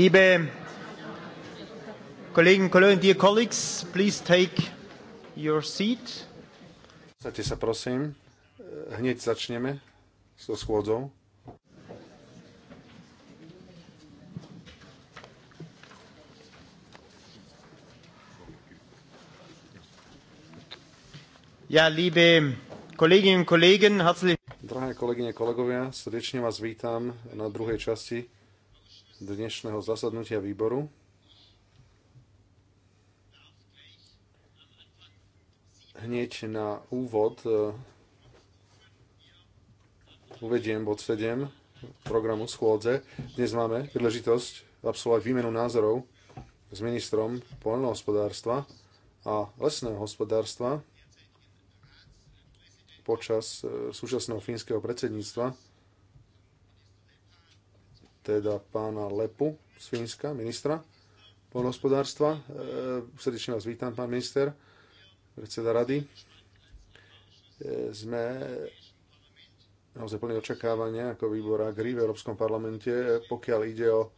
Liebe Kolleginnen dear colleagues, please take your seat. Posadte sa prosím. Eh, hneď začneme so schôdzou. Ja, liebe Kolleginnen Kollegen, herzlich... Drahé kolegyne, kolegovia, srdečne vás vítam na druhej časti dnešného zasadnutia výboru. Hneď na úvod e, uvediem bod 7 programu schôdze. Dnes máme príležitosť absolvovať výmenu názorov s ministrom poľnohospodárstva a lesného hospodárstva počas e, súčasného fínskeho predsedníctva teda pána Lepu z Fínska, ministra polnohospodárstva. E, srdečne vás vítam, pán minister, predseda rady. E, sme naozaj plní očakávania ako výbor Agri v Európskom parlamente, pokiaľ ide o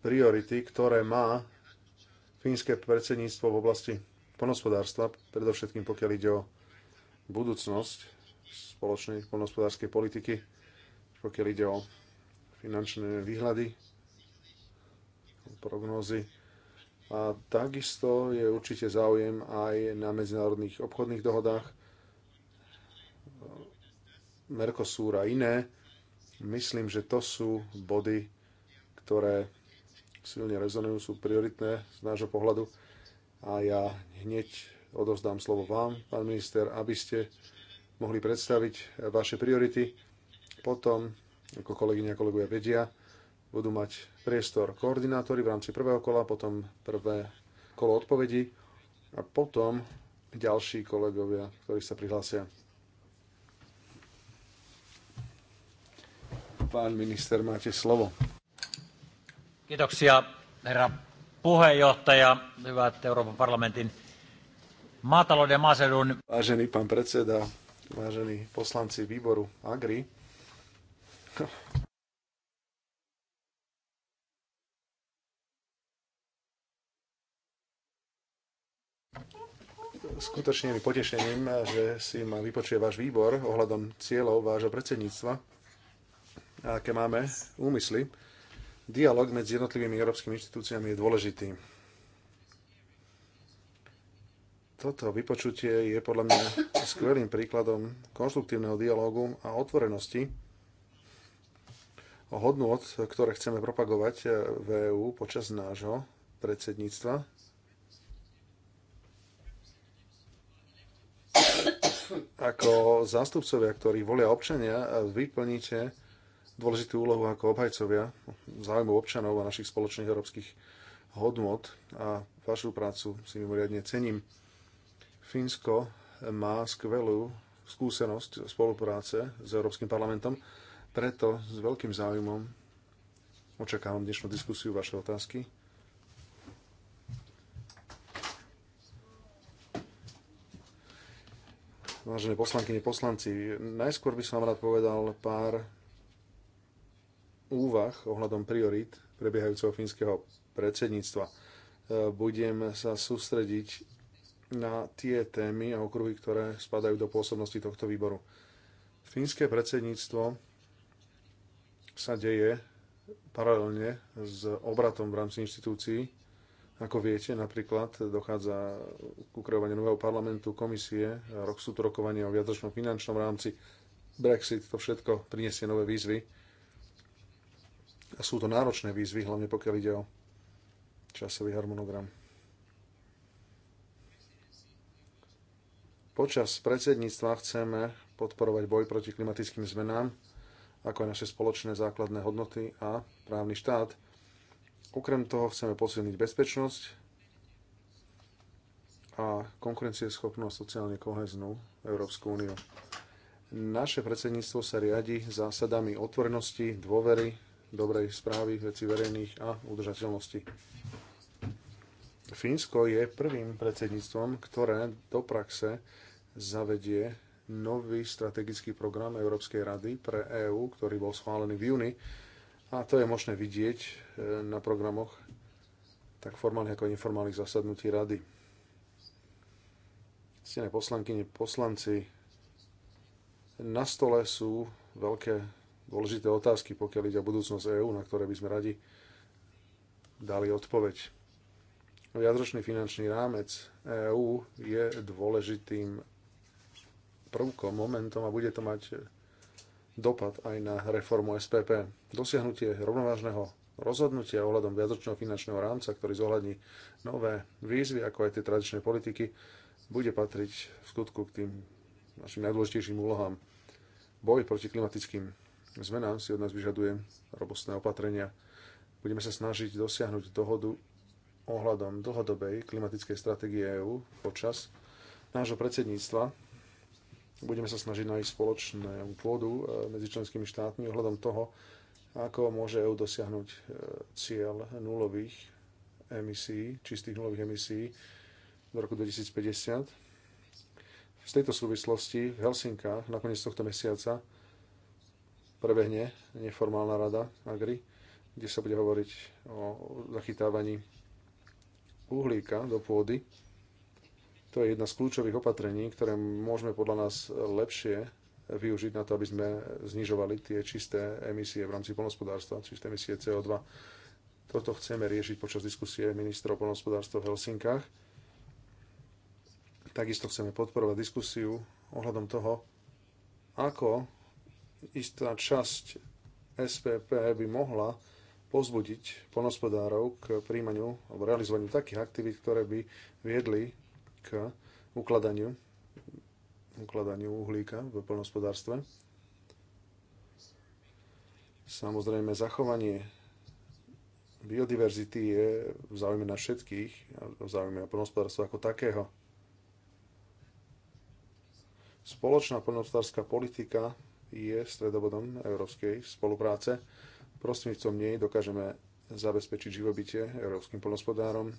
priority, ktoré má fínske predsedníctvo v oblasti poľnohospodárstva, predovšetkým pokiaľ ide o budúcnosť spoločnej poľnohospodárskej politiky, pokiaľ ide o finančné výhľady, prognózy. A takisto je určite záujem aj na medzinárodných obchodných dohodách Mercosur a iné. Myslím, že to sú body, ktoré silne rezonujú, sú prioritné z nášho pohľadu. A ja hneď odovzdám slovo vám, pán minister, aby ste mohli predstaviť vaše priority. Potom ako kolegyňa a kolegovia vedia, budú mať priestor koordinátori v rámci prvého kola, potom prvé kolo odpovedí a potom ďalší kolegovia, ktorí sa prihlásia. Pán minister, máte slovo. Kiitoksia, herra puheenjohtaja, hyvät Euroopan parlamentin maatalouden ja maaseudun... Vážený pán predseda, vážení poslanci výboru Agri, Skutočne mi potešením, že si ma vypočuje váš výbor ohľadom cieľov vášho predsedníctva a aké máme úmysly. Dialóg medzi jednotlivými európskymi inštitúciami je dôležitý. Toto vypočutie je podľa mňa skvelým príkladom konštruktívneho dialógu a otvorenosti hodnôt, ktoré chceme propagovať eh, v EÚ počas nášho predsedníctva. Ako zástupcovia, ktorí volia občania, eh, vyplníte dôležitú úlohu ako obhajcovia záujmu občanov a našich spoločných európskych hodnot a vašu prácu si mimoriadne cením. Fínsko má skvelú skúsenosť spolupráce s Európskym parlamentom preto s veľkým záujmom očakávam dnešnú diskusiu, vaše otázky. Vážené poslankyne, poslanci, najskôr by som vám rád povedal pár úvah ohľadom priorít prebiehajúceho fínskeho predsedníctva. Budem sa sústrediť na tie témy a okruhy, ktoré spadajú do pôsobnosti tohto výboru. Fínske predsedníctvo sa deje paralelne s obratom v rámci inštitúcií. Ako viete, napríklad dochádza k ukreovaniu nového parlamentu, komisie, rok sú to rokovania o viatočnom finančnom rámci, Brexit, to všetko priniesie nové výzvy. A sú to náročné výzvy, hlavne pokiaľ ide o časový harmonogram. Počas predsedníctva chceme podporovať boj proti klimatickým zmenám, ako aj naše spoločné základné hodnoty a právny štát. Okrem toho chceme posilniť bezpečnosť a konkurencieschopnú a sociálne koheznú Európsku úniu. Naše predsedníctvo sa riadi zásadami otvorenosti, dôvery, dobrej správy veci verejných a udržateľnosti. Fínsko je prvým predsedníctvom, ktoré do praxe zavedie nový strategický program Európskej rady pre EÚ, ktorý bol schválený v júni. A to je možné vidieť e, na programoch tak formálnych ako neformálnych zasadnutí rady. Stené poslankyne, poslanci, na stole sú veľké dôležité otázky, pokiaľ ide o budúcnosť EÚ, na ktoré by sme radi dali odpoveď. Viadročný finančný rámec EÚ je dôležitým prvkom, momentom a bude to mať e, dopad aj na reformu SPP. Dosiahnutie rovnovážneho rozhodnutia ohľadom viacročného finančného rámca, ktorý zohľadní nové výzvy, ako aj tie tradičné politiky, bude patriť v skutku k tým našim najdôležitejším úlohám. Boj proti klimatickým zmenám si od nás vyžaduje robustné opatrenia. Budeme sa snažiť dosiahnuť dohodu ohľadom dlhodobej klimatickej stratégie EÚ počas nášho predsedníctva Budeme sa snažiť nájsť spoločné pôdu e, medzi členskými štátmi ohľadom toho, ako môže EU dosiahnuť e, cieľ nulových emisí, čistých nulových emisí do roku 2050. Z tejto súvislosti v Helsinkách na koniec tohto mesiaca prebehne neformálna rada Agri, kde sa bude hovoriť o zachytávaní uhlíka do pôdy to je jedna z kľúčových opatrení, ktoré môžeme podľa nás lepšie využiť na to, aby sme znižovali tie čisté emisie v rámci polnospodárstva, čisté emisie CO2. Toto chceme riešiť počas diskusie ministrov polnospodárstva v Helsinkách. Takisto chceme podporovať diskusiu ohľadom toho, ako istá časť SPP by mohla pozbudiť polnospodárov k príjmaniu alebo realizovaniu takých aktivít, ktoré by viedli k ukladaniu, ukladaniu uhlíka v poľnohospodárstve. Samozrejme, zachovanie biodiverzity je v záujme na všetkých, v záujme na ako takého. Spoločná poľnohospodárska politika je stredobodom európskej spolupráce. Prostredníctvom nej dokážeme zabezpečiť živobytie európskym poľnohospodárom.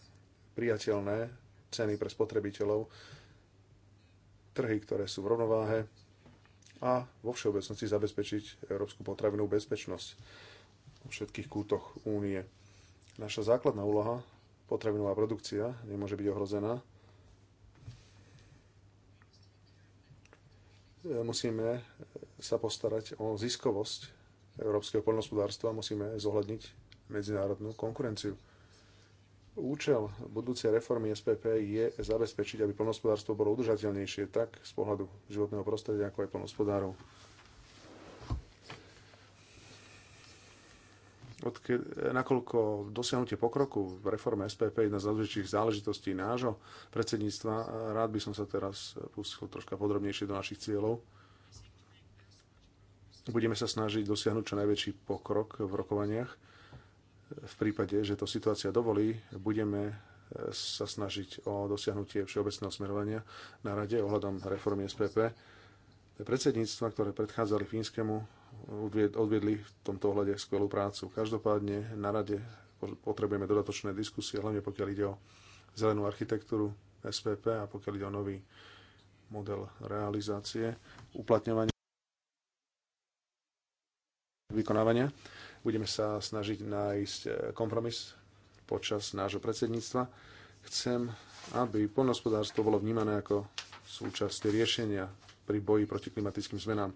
priateľné ceny pre spotrebiteľov, trhy, ktoré sú v rovnováhe a vo všeobecnosti zabezpečiť európsku potravinovú bezpečnosť vo všetkých kútoch únie. Naša základná úloha, potravinová produkcia, nemôže byť ohrozená. Musíme sa postarať o ziskovosť európskeho poľnohospodárstva, musíme zohľadniť medzinárodnú konkurenciu. Účel budúcej reformy SPP je zabezpečiť, aby plnospodárstvo bolo udržateľnejšie tak z pohľadu životného prostredia, ako aj plnospodárov. Odke, nakoľko dosiahnutie pokroku v reforme SPP je jedna z najdôležitejších záležitostí nášho predsedníctva, rád by som sa teraz pustil troška podrobnejšie do našich cieľov. Budeme sa snažiť dosiahnuť čo najväčší pokrok v rokovaniach v prípade, že to situácia dovolí, budeme e, sa snažiť o dosiahnutie všeobecného smerovania na rade ohľadom reformy SPP. Predsedníctva, ktoré predchádzali Fínskemu, odviedli v tomto ohľade skvelú prácu. Každopádne na rade potrebujeme dodatočné diskusie, hlavne pokiaľ ide o zelenú architektúru SPP a pokiaľ ide o nový model realizácie, uplatňovania, vykonávania Budeme sa snažiť nájsť e, kompromis počas nášho predsedníctva. Chcem, aby poľnohospodárstvo bolo vnímané ako súčasť riešenia pri boji proti klimatickým zmenám.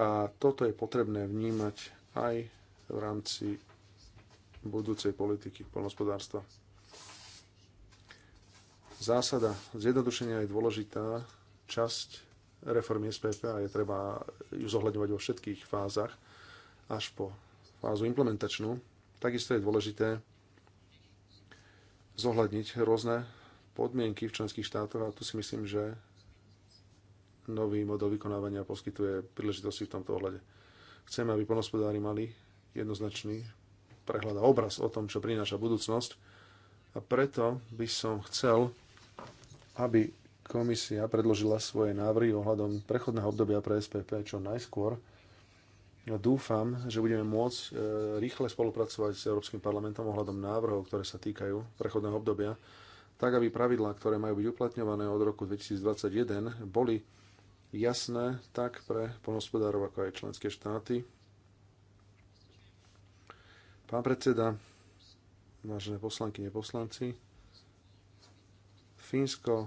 A toto je potrebné vnímať aj v rámci budúcej politiky poľnohospodárstva. Zásada zjednodušenia je dôležitá časť reformy SPP a je treba ju zohľadňovať vo všetkých fázach až po fázu implementačnú, takisto je dôležité zohľadniť rôzne podmienky v členských štátoch a tu si myslím, že nový model vykonávania poskytuje príležitosti v tomto ohľade. Chceme, aby ponospodári mali jednoznačný prehľad a obraz o tom, čo prináša budúcnosť a preto by som chcel, aby komisia predložila svoje návrhy ohľadom prechodného obdobia pre SPP čo najskôr, No, dúfam, že budeme môcť e, rýchle spolupracovať s Európskym parlamentom ohľadom návrhov, ktoré sa týkajú prechodného obdobia, tak aby pravidlá, ktoré majú byť uplatňované od roku 2021, boli jasné tak pre poľnohospodárov, ako aj členské štáty. Pán predseda, vážené poslanky, poslanci, Fínsko e,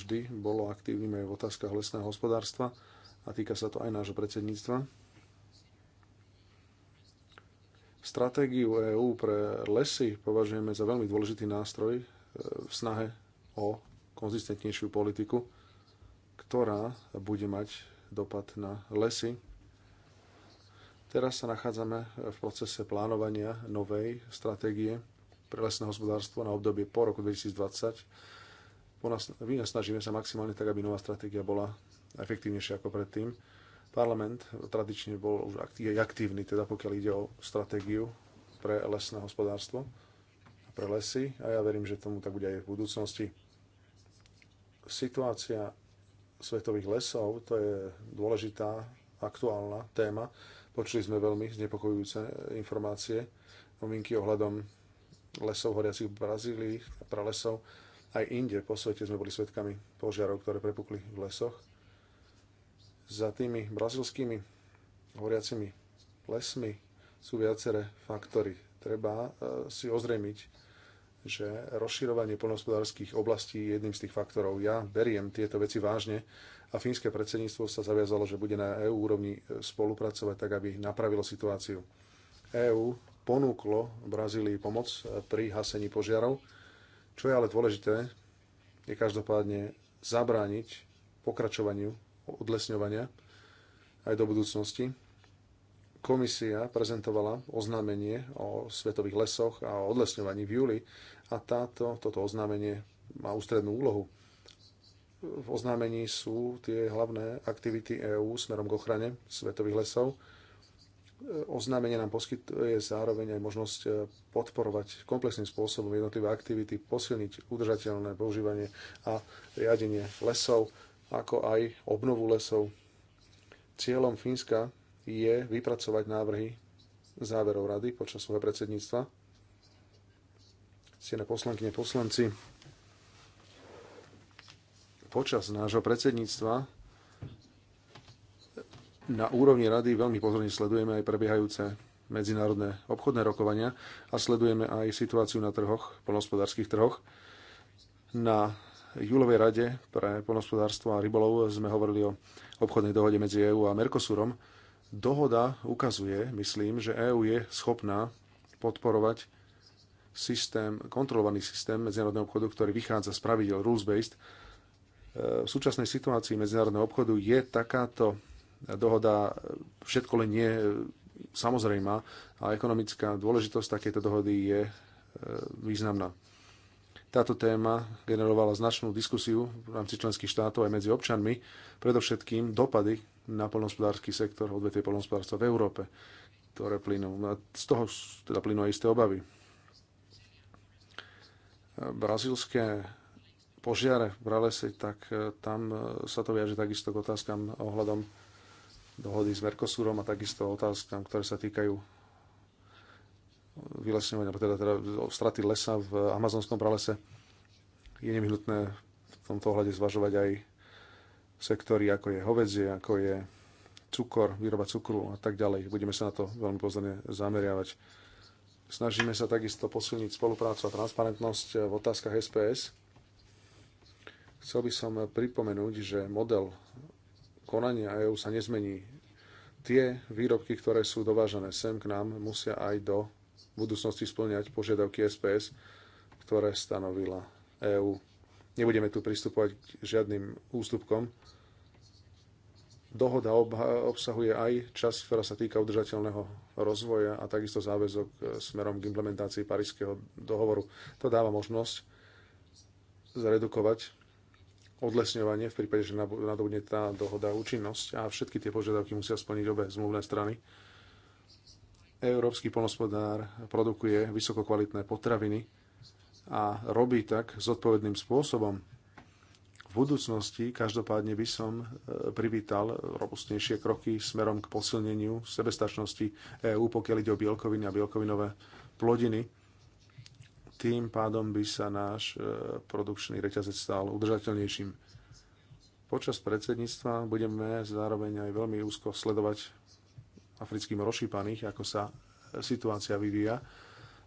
vždy bolo aktívnym aj v otázkach lesného hospodárstva a týka sa to aj nášho predsedníctva Stratégiu EÚ pre lesy považujeme za veľmi dôležitý nástroj e, v snahe o konzistentnejšiu politiku, ktorá bude mať dopad na lesy. Teraz sa nachádzame v procese plánovania novej stratégie pre lesné hospodárstvo na obdobie po roku 2020. Vynasnažíme sa maximálne tak, aby nová stratégia bola efektívnejšia ako predtým Parlament tradične bol už aktívny, teda pokiaľ ide o stratégiu pre lesné hospodárstvo a pre lesy a ja verím, že tomu tak bude aj v budúcnosti. Situácia svetových lesov, to je dôležitá, aktuálna téma. Počuli sme veľmi znepokojujúce informácie, novinky ohľadom lesov horiacich v Brazílii, pralesov. Aj inde po svete sme boli svetkami požiarov, ktoré prepukli v lesoch za tými brazilskými horiacimi lesmi sú viaceré faktory. Treba e, si ozrejmiť, že rozširovanie poľnohospodárských oblastí je jedným z tých faktorov. Ja beriem tieto veci vážne a fínske predsedníctvo sa zaviazalo, že bude na EU úrovni e, spolupracovať tak, aby napravilo situáciu. EÚ ponúklo Brazílii pomoc e, pri hasení požiarov. Čo je ale dôležité, je každopádne zabrániť pokračovaniu odlesňovania aj do budúcnosti. Komisia prezentovala oznámenie o svetových lesoch a o odlesňovaní v júli a táto, toto oznámenie má ústrednú úlohu. V oznámení sú tie hlavné aktivity EÚ smerom k ochrane svetových lesov. Oznámenie nám poskytuje zároveň aj možnosť e, podporovať komplexným spôsobom jednotlivé aktivity, posilniť udržateľné používanie a riadenie lesov ako aj obnovu lesov. Cieľom Fínska je vypracovať návrhy záverov rady počas svojho predsedníctva. Ste na poslankyne poslanci. Počas nášho predsedníctva na úrovni rady veľmi pozorne sledujeme aj prebiehajúce medzinárodné obchodné rokovania a sledujeme aj situáciu na trhoch, polnohospodárských trhoch. Na júlovej rade pre poľnohospodárstvo a rybolov sme hovorili o obchodnej dohode medzi EÚ a Mercosurom. Dohoda ukazuje, myslím, že EÚ je schopná podporovať systém, kontrolovaný systém medzinárodného obchodu, ktorý vychádza z pravidel rules-based. E, v súčasnej situácii medzinárodného obchodu je takáto dohoda všetko len nie e, samozrejmá a ekonomická dôležitosť takejto dohody je e, významná. Táto téma generovala značnú diskusiu v rámci členských štátov aj medzi občanmi, predovšetkým dopady na polnospodársky sektor odvetie polnospodárstva v Európe, ktoré plynú. Z toho teda plynú aj isté obavy. Brazílske požiare v Ralesi, tak e, tam e, sa to viaže takisto k otázkam ohľadom dohody s Mercosurom a takisto otázkam, ktoré sa týkajú vylesňovania, teda, teda straty lesa v amazonskom pralese. Je nevyhnutné v tomto ohľade zvažovať aj sektory, ako je hovedzie, ako je cukor, výroba cukru a tak ďalej. Budeme sa na to veľmi pozorne zameriavať. Snažíme sa takisto posilniť spoluprácu a transparentnosť v otázkach SPS. Chcel by som pripomenúť, že model konania EÚ sa nezmení. Tie výrobky, ktoré sú dovážané sem k nám, musia aj do v budúcnosti splňať požiadavky SPS, ktoré stanovila EÚ. Nebudeme tu pristupovať k žiadnym ústupkom. Dohoda obsahuje aj časť, ktorá sa týka udržateľného rozvoja a takisto záväzok e, smerom k implementácii Parískeho dohovoru. To dáva možnosť zredukovať odlesňovanie v prípade, že nadobudne tá dohoda účinnosť a všetky tie požiadavky musia splniť obe zmluvné strany. Európsky polnospodár produkuje vysokokvalitné potraviny a robí tak zodpovedným spôsobom. V budúcnosti každopádne by som e, privítal robustnejšie kroky smerom k posilneniu sebestačnosti EÚ, pokiaľ ide o bielkoviny a bielkovinové plodiny. Tým pádom by sa náš e, produkčný reťazec stal udržateľnejším. Počas predsedníctva budeme zároveň aj veľmi úzko sledovať africkým rozšípaných, ako sa e, situácia vyvíja.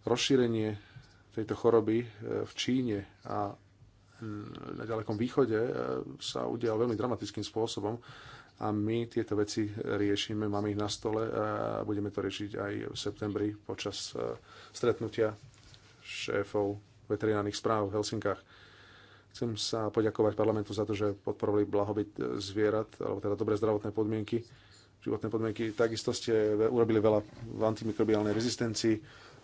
Rozšírenie tejto choroby e, v Číne a mm, na ďalekom východe e, sa udial veľmi dramatickým spôsobom a my tieto veci riešime, máme ich na stole a budeme to riešiť aj v septembri počas stretnutia šéfov veterinárnych správ v Helsinkách. Chcem sa poďakovať parlamentu za to, že podporovali blahobyt zvierat, alebo teda dobré zdravotné podmienky životné podmienky. Takisto ste urobili veľa v antimikrobiálnej rezistencii.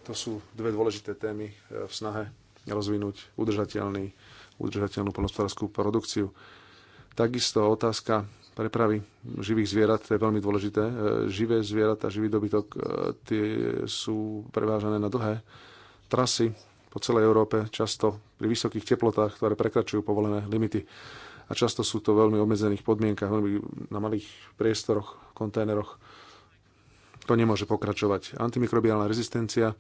To sú dve dôležité témy e, v snahe rozvinúť udržateľný, udržateľnú polnospodárskú produkciu. Takisto otázka prepravy živých zvierat, to je veľmi dôležité. E, živé zvieratá, živý dobytok, e, tie sú prevážané na dlhé trasy po celej Európe, často pri vysokých teplotách, ktoré prekračujú povolené limity a často sú to veľmi obmedzených podmienkach, veľmi na malých priestoroch, kontajneroch. To nemôže pokračovať. Antimikrobiálna rezistencia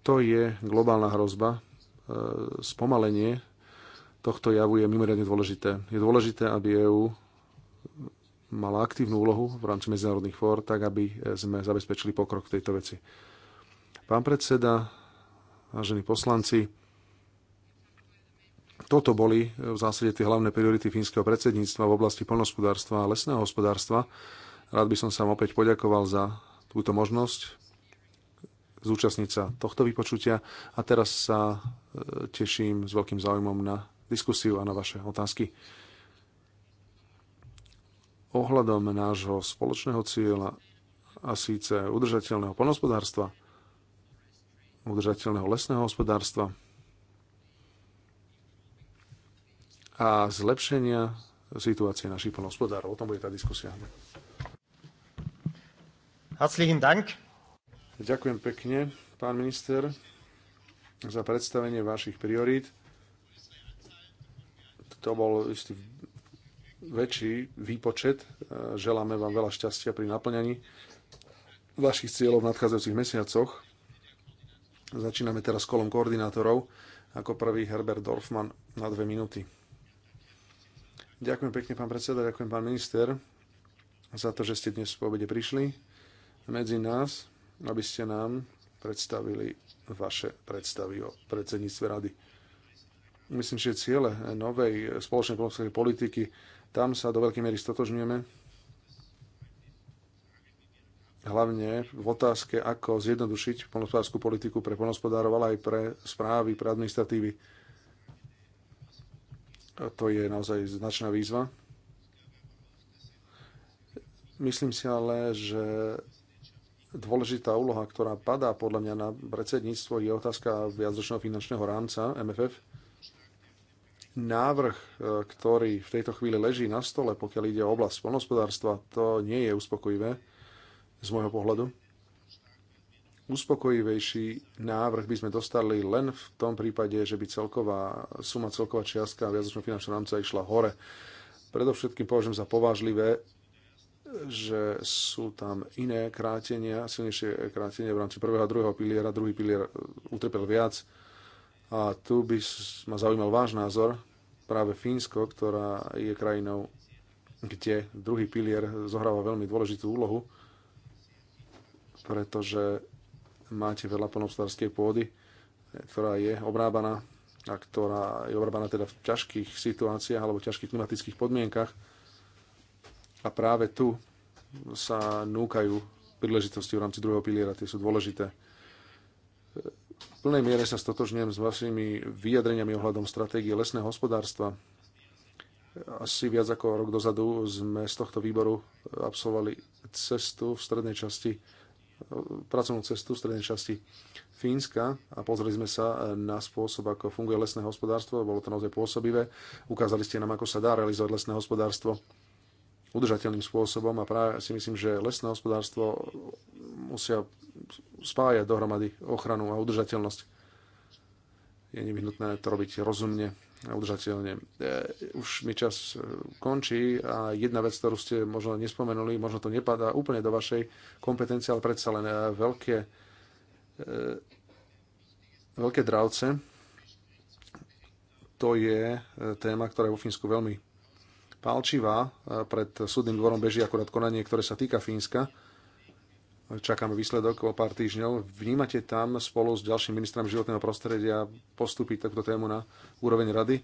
to je globálna hrozba. E, spomalenie tohto javu je mimoriadne dôležité. Je dôležité, aby EÚ mala aktívnu úlohu v rámci medzinárodných fór, tak aby sme zabezpečili pokrok v tejto veci. Pán predseda, vážení poslanci, toto boli e, v zásade tie hlavné priority fínskeho predsedníctva v oblasti polnospodárstva a lesného hospodárstva. Rád by som sa vám opäť poďakoval za túto možnosť zúčastniť sa tohto vypočutia a teraz sa e, teším s veľkým záujmom na diskusiu a na vaše otázky. Ohľadom nášho spoločného cieľa a síce udržateľného poľnohospodárstva, udržateľného lesného hospodárstva, a zlepšenia situácie našich plnohospodárov. O tom bude tá diskusia. Herzlichen Dank. Ďakujem pekne, pán minister, za predstavenie vašich priorít. To bol istý väčší výpočet. Želáme vám veľa šťastia pri naplňaní vašich cieľov v nadchádzajúcich mesiacoch. Začíname teraz kolom koordinátorov. Ako prvý Herbert Dorfman na dve minúty. Ďakujem pekne, pán predseda, ďakujem, pán minister, za to, že ste dnes po obede prišli medzi nás, aby ste nám predstavili vaše predstavy o predsedníctve rady. Myslím, že ciele novej spoločnej polskej politiky, tam sa do veľkej miery stotožňujeme. Hlavne v otázke, ako zjednodušiť polnospodárskú politiku pre polnospodárov, ale aj pre správy, pre administratívy to je naozaj značná výzva. Myslím si ale, že dôležitá úloha, ktorá padá podľa mňa na predsedníctvo, je otázka viacročného finančného rámca MFF. Návrh, e, ktorý v tejto chvíli leží na stole, pokiaľ ide o oblasť polnospodárstva, to nie je uspokojivé z môjho pohľadu uspokojivejší návrh by sme dostali len v tom prípade, že by celková suma, celková čiastka viacročného finančná rámca išla hore. Predovšetkým považujem za povážlivé, že sú tam iné krátenia, silnejšie krátenia v rámci prvého a druhého piliera. Druhý pilier utrpel viac. A tu by ma zaujímal váš názor. Práve Fínsko, ktorá je krajinou, kde druhý pilier zohráva veľmi dôležitú úlohu, pretože máte veľa plnohospodárskej pôdy, ktorá je obrábaná a ktorá je obrábaná teda v ťažkých situáciách alebo v ťažkých klimatických podmienkach. A práve tu sa núkajú príležitosti v rámci druhého piliera, tie sú dôležité. V plnej miere sa stotožňujem s vašimi vyjadreniami ohľadom stratégie lesného hospodárstva. Asi viac ako rok dozadu sme z tohto výboru absolvovali cestu v strednej časti pracovnú cestu v strednej časti Fínska a pozreli sme sa na spôsob, ako funguje lesné hospodárstvo. Bolo to naozaj pôsobivé. Ukázali ste nám, ako sa dá realizovať lesné hospodárstvo udržateľným spôsobom a práve si myslím, že lesné hospodárstvo musia spájať dohromady ochranu a udržateľnosť. Je nevyhnutné to robiť rozumne udržateľne. E, už mi čas e, končí a jedna vec, ktorú ste možno nespomenuli, možno to nepadá úplne do vašej kompetencie, ale predsa len e, veľké, veľké dravce. To je téma, ktorá je vo Fínsku veľmi palčivá. Pred súdnym dvorom beží akorát konanie, ktoré sa týka Fínska Čakáme výsledok o pár týždňov. Vnímate tam spolu s ďalším ministrom životného prostredia postúpiť takúto tému na úroveň rady?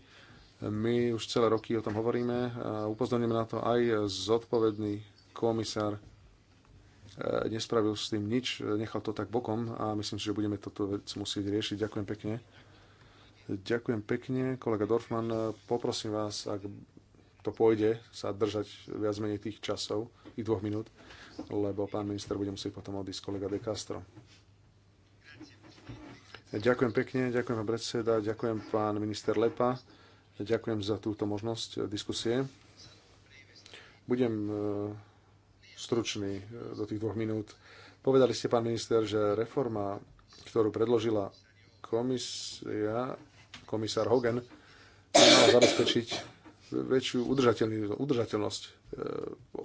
My už celé roky o tom hovoríme a upozorníme na to aj zodpovedný komisár e, nespravil s tým nič, nechal to tak bokom a myslím si, že budeme toto vec musieť riešiť. Ďakujem pekne. Ďakujem pekne. Kolega Dorfman, poprosím vás, ak to pôjde, sa držať viac menej tých časov, tých dvoch minút lebo pán minister bude musieť potom odísť kolega De Castro. Ďakujem pekne, ďakujem pán predseda, ďakujem pán minister Lepa, ďakujem za túto možnosť eh, diskusie. Budem eh, stručný eh, do tých dvoch minút. Povedali ste, pán minister, že reforma, ktorú predložila komisia, komisár Hogan, mala zabezpečiť väčšiu udržateľnosť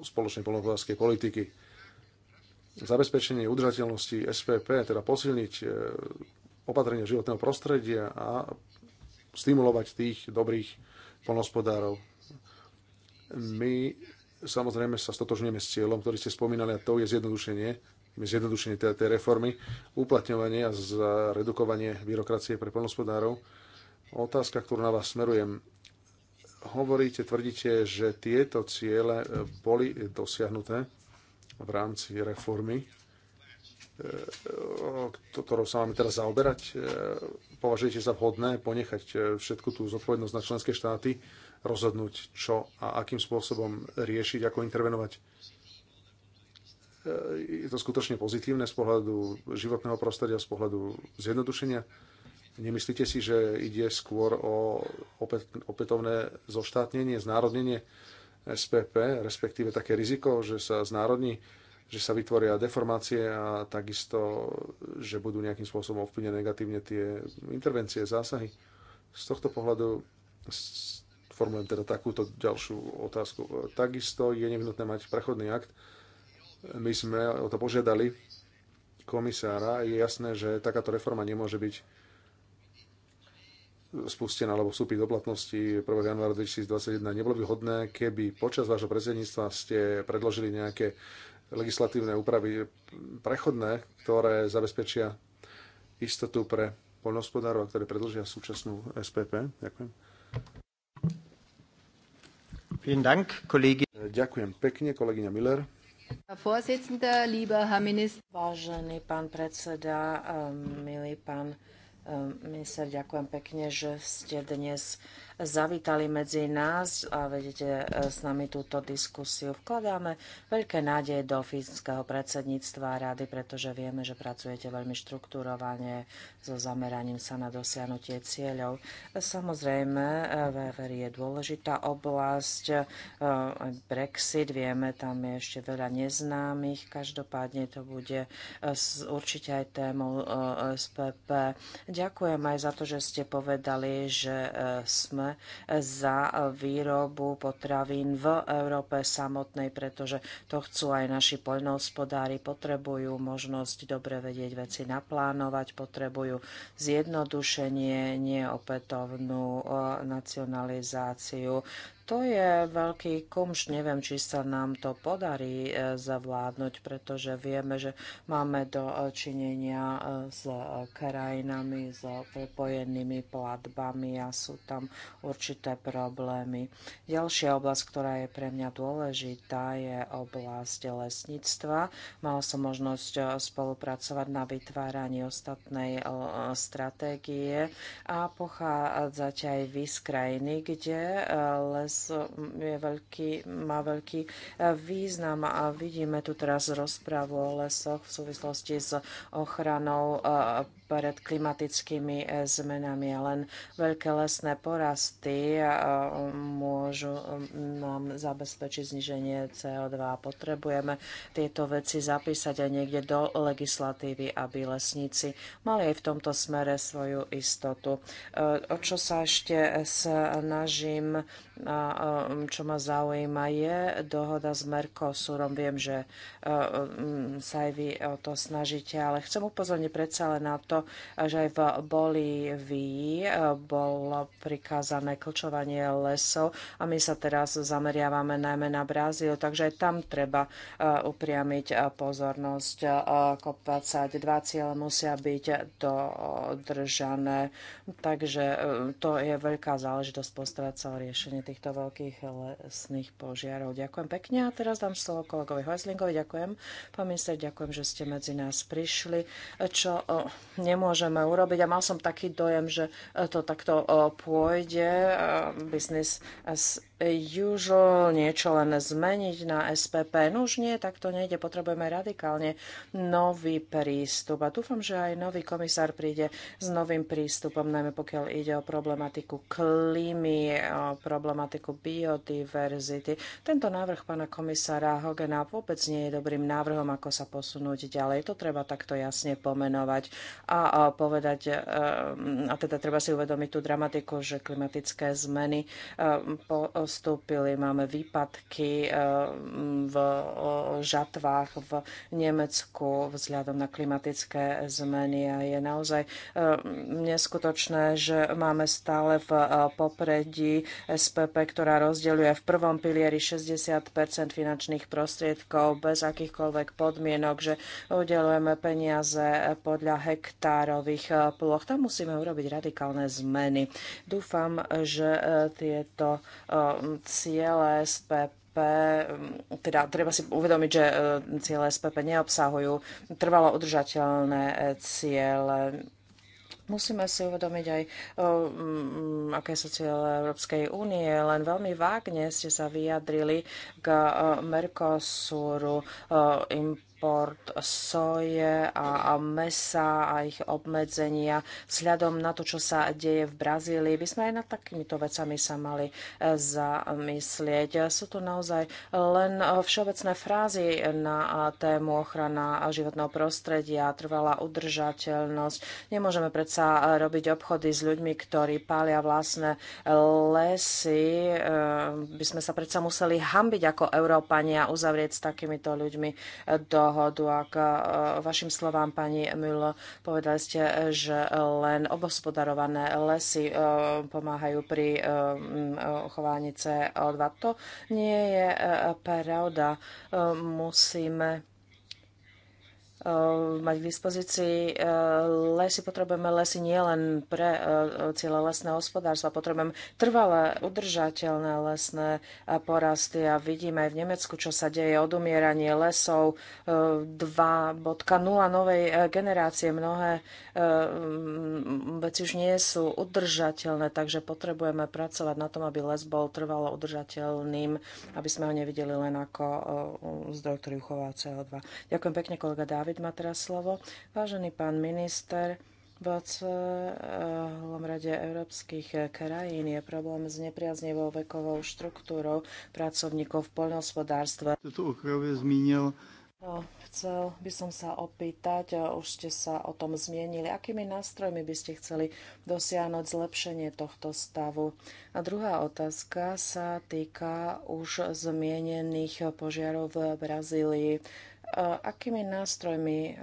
spoločnej polnohospodárskej politiky zabezpečenie udržateľnosti SPP, teda posilniť e, opatrenia životného prostredia a stimulovať tých dobrých polnospodárov. My samozrejme sa stotožňujeme s cieľom, ktorý ste spomínali, a to je zjednodušenie, zjednodušenie teda tej reformy, uplatňovanie a zredukovanie byrokracie pre polnospodárov. Otázka, ktorú na vás smerujem, hovoríte, tvrdíte, že tieto ciele e, boli dosiahnuté v rámci reformy, e, ktorou sa máme teraz zaoberať. E, považujete za vhodné ponechať e, všetku tú zodpovednosť na členské štáty, rozhodnúť, čo a akým spôsobom riešiť, ako intervenovať? Je to skutočne pozitívne z pohľadu životného prostredia, z pohľadu zjednodušenia? Nemyslíte si, že ide skôr o opätovné zoštátnenie, znárodnenie SPP, respektíve také riziko, že sa znárodní, že sa vytvoria deformácie a takisto, že budú nejakým spôsobom ovplyvnené negatívne tie intervencie, zásahy. Z tohto pohľadu formulujem teda takúto ďalšiu otázku. Takisto je nevyhnutné mať prechodný akt. My sme o to požiadali komisára. Je jasné, že takáto reforma nemôže byť spustená alebo vstúpiť do platnosti 1. januára 2021. Nebolo by hodné, keby počas vášho predsedníctva ste predložili nejaké legislatívne úpravy prechodné, ktoré zabezpečia istotu pre poľnohospodárov, ktoré predlžia súčasnú SPP. Ďakujem. Dank, Ďakujem pekne, kolegyňa Miller. Vážený pán predseda, eh, milý pán Ehm, minister, ďakujem pekne, že ste dnes zavítali medzi nás a vedete e, s nami túto diskusiu. Vkladáme veľké nádeje do fínskeho predsedníctva rady, pretože vieme, že pracujete veľmi štruktúrovane so zameraním sa na dosiahnutie cieľov. Samozrejme, VFR je dôležitá oblasť. E, Brexit, vieme, tam je ešte veľa neznámych. Každopádne to bude e, určite aj témou SPP. Ďakujem aj za to, že ste povedali, že sme za výrobu potravín v Európe samotnej, pretože to chcú aj naši poľnohospodári. Potrebujú možnosť dobre vedieť veci naplánovať, potrebujú zjednodušenie, neopätovnú eh, nacionalizáciu. To je veľký kumš, neviem, či sa nám to podarí e, zavládnuť, pretože vieme, že máme do e, činenia e, s krajinami, s prepojenými platbami a sú tam určité problémy. Ďalšia oblasť, ktorá je pre mňa dôležitá, je oblasť lesníctva. Mal som možnosť spolupracovať na vytváraní ostatnej stratégie a pochádzať aj vy z krajiny, kde les je veľký, má veľký e, význam a vidíme tu teraz rozprávu o lesoch v súvislosti s ochranou e, pred klimatickými e, zmenami. Len veľké lesné porasty e, môžu e, nám zabezpečiť zniženie CO2. Potrebujeme tieto veci zapísať aj niekde do legislatívy, aby lesníci mali aj v tomto smere svoju istotu. O čo sa ešte snažím, čo ma zaujíma, je dohoda s Mercosurom. Viem, že sa aj vy o to snažíte, ale chcem upozorniť predsa len na to, že aj v Bolívii eh, bolo prikázané klčovanie lesov a my sa teraz zameriavame najmä na Brazíliu, takže aj tam treba eh, upriamiť eh, pozornosť. COP22 Ciele musia byť dodržané, takže to je veľká záležitosť postarať sa o riešenie týchto veľkých lesných požiarov. Ďakujem pekne a teraz dám slovo kolegovi Hojzlingovi. Ďakujem, pán minister, ďakujem, že ste medzi nás prišli. Čo ne nemôžeme urobiť. A mal som taký dojem, že e, to takto e, pôjde. E, business as usual, niečo len zmeniť na SPP. No už nie, tak to nejde, potrebujeme radikálne nový prístup. A dúfam, že aj nový komisár príde s novým prístupom, najmä pokiaľ ide o problematiku klímy, o problematiku biodiverzity. Tento návrh pána komisára Hogena vôbec nie je dobrým návrhom, ako sa posunúť ďalej. To treba takto jasne pomenovať. A a povedať, ehm, a teda treba si uvedomiť tú dramatiku, že klimatické zmeny ehm, postúpili, máme výpadky ehm, v žatvách v Nemecku vzhľadom na klimatické zmeny a je naozaj neskutočné, že máme stále v e, popredí SPP, ktorá rozdeľuje v prvom pilieri 60 finančných prostriedkov bez akýchkoľvek podmienok, že udelujeme peniaze podľa hektárov hektárových eh, ploch. Tam musíme urobiť radikálne zmeny. Dúfam, že eh, tieto eh, ciele SPP mm, teda treba si uvedomiť, že ciele SPP neobsahujú trvalo udržateľné ciele musíme si uvedomiť aj, mm, aké sú cieľe Európskej únie. Len veľmi vágne ste sa vyjadrili k Mercosuru, import soje a mesa a ich obmedzenia vzhľadom na to, čo sa deje v Brazílii, by sme aj nad takýmito vecami sa mali e, zamyslieť. Sú to naozaj len e, všeobecné frázy na e, tému ochrana životného prostredia, trvalá udržateľnosť. Nemôžeme predsa robiť obchody s ľuďmi, ktorí pália vlastné lesy. By sme sa predsa museli hambiť ako Európania uzavrieť s takýmito ľuďmi do dohodu a k e, vašim slovám, pani Müller, povedali ste, že len obospodarované lesy e, pomáhajú pri e, chovaní CO2. To nie je pravda. Musíme Eh, mať k dispozícii. Eh, lesy potrebujeme lesy nielen pre eh, cieľe lesného hospodárstva, potrebujeme trvalé, udržateľné lesné porasty a vidíme aj v Nemecku, čo sa deje, odumieranie lesov 2.0 novej generácie. Mnohé veci už nie sú udržateľné, takže potrebujeme pracovať na tom, aby les bol trvalo udržateľným, aby sme ho nevideli len ako zdroj, ktorý uchová CO2. Ďakujem pekne, kolega Dávid. David má teraz slovo. Vážený pán minister, v celom rade európskych krajín je problém s nepriaznevou vekovou štruktúrou pracovníkov v poľnohospodárstve. Toto okrajové zmínil no, Chcel by som sa opýtať, už ste sa o tom zmienili, akými nástrojmi by ste chceli dosiahnuť zlepšenie tohto stavu. A druhá otázka sa týka už zmienených požiarov v Brazílii. Akými nástrojmi e,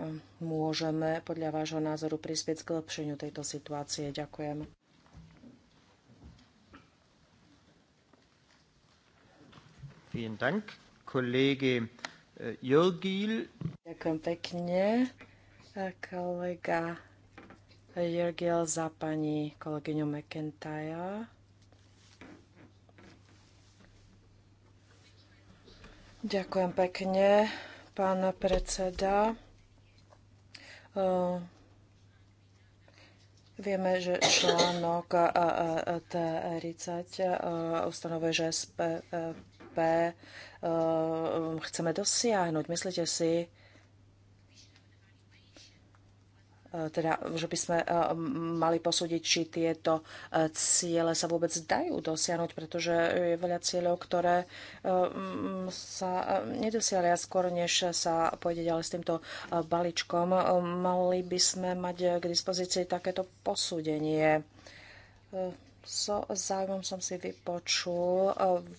môžeme podľa vášho názoru prispieť k lepšeniu tejto situácie? Ďakujem. Vielen Dank, e, Jörgil. Ďakujem pekne, e, kolega Jörgil za pani kolegyňu McIntyre. Ďakujem pekne pán predseda. E, vieme, že článok 30 e, ustanovuje, že SPP e, chceme dosiahnuť. Myslíte si, E, teda, že by sme e, mali posúdiť, či tieto e, ciele sa vôbec dajú dosiahnuť, pretože je veľa cieľov, ktoré sa nedosiahli a skôr, než sa pôjde ďalej s týmto balíčkom, mali by sme mať k dispozícii takéto posúdenie. So záujmom som si vypočul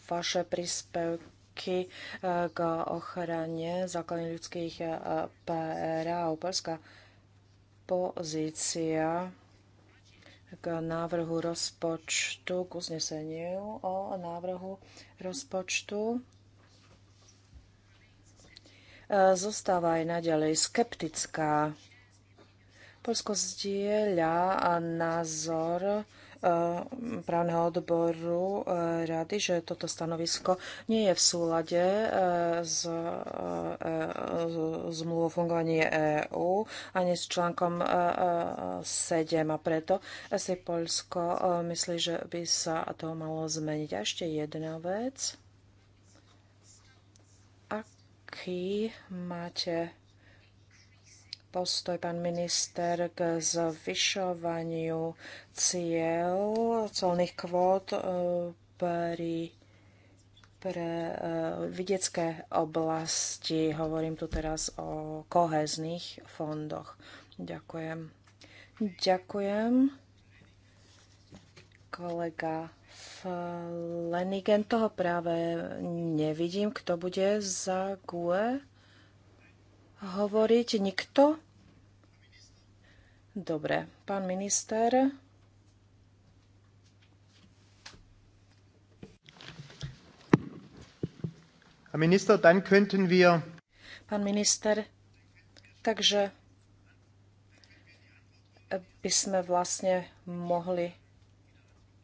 vaše príspevky k ochrane základných ľudských práv. Polska pozícia k návrhu rozpočtu, k uzneseniu o návrhu rozpočtu e, zostáva aj naďalej skeptická. Polsko zdieľa názor Eh, právneho odboru eh, rady, že toto stanovisko nie je v súlade eh, s zmluvou fungovaní EÚ ani s článkom 7 a preto si Polsko myslí, že by sa to malo zmeniť. A ešte jedna vec. Aký máte postoj, pán minister, k zvyšovaniu cieľ colných kvót e, pri pre e, vidiecké oblasti. Hovorím tu teraz o kohezných fondoch. Ďakujem. Ďakujem. Kolega Flanagan, toho práve nevidím, kto bude za GUE hovoriť? Nikto? Dobre, pán minister. Herr Minister, dann könnten wir. Pán minister, takže by sme vlastne mohli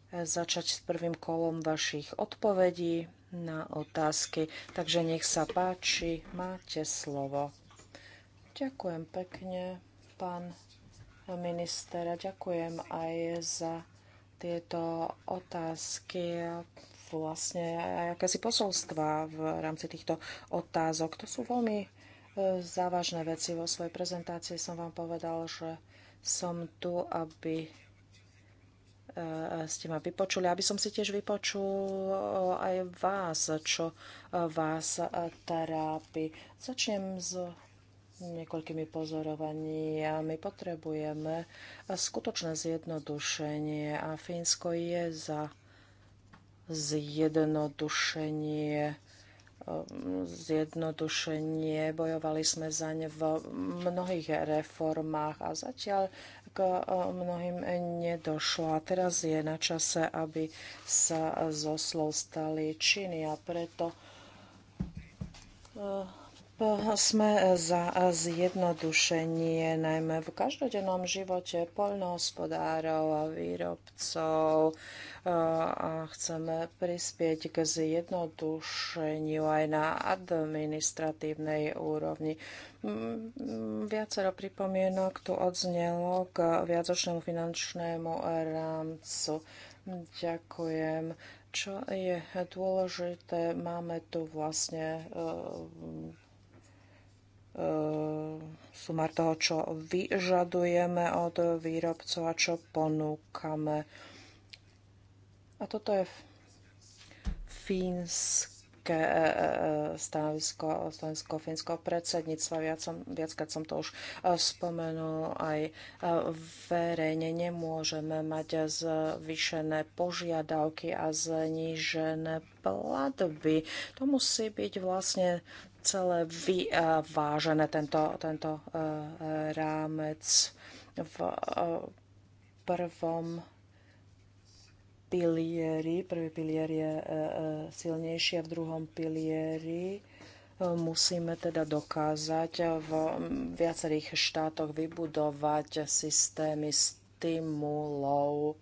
začať s prvým kolom vašich odpovedí na otázky. Takže nech sa páči, máte slovo. Ďakujem pekne, pán minister, ďakujem aj za tieto otázky vlastne akési posolstva v rámci týchto otázok. To sú veľmi e, závažné veci. Vo svojej prezentácii som vám povedal, že som tu, aby e, ste ma vypočuli, aby som si tiež vypočul e, aj vás, čo vás trápi. Začnem s niekoľkými pozorovaniami. Potrebujeme skutočné zjednodušenie a Fínsko je za zjednodušenie zjednodušenie. Bojovali sme ne v mnohých reformách a zatiaľ k mnohým nedošlo. A teraz je na čase, aby sa zo slov stali činy a preto eh, sme za zjednodušenie najmä v každodennom živote poľnohospodárov a výrobcov a chceme prispieť k zjednodušeniu aj na administratívnej úrovni. Viacero pripomienok tu odznelo k viacočnému finančnému rámcu. Ďakujem čo je dôležité, máme tu vlastne e, E, sumár toho, čo vyžadujeme od výrobcov a čo ponúkame. A toto je fínske e, e, stanovisko, stanovisko fínskeho predsedníctva. Viac som, viackrát som to už spomenul aj verejne. Nemôžeme mať zvýšené požiadavky a znížené platby. To musí byť vlastne celé vyvážené tento, tento e, rámec v e, prvom pilieri. Prvý pilier je e, silnejší a v druhom pilieri musíme teda dokázať v viacerých štátoch vybudovať systémy stimulov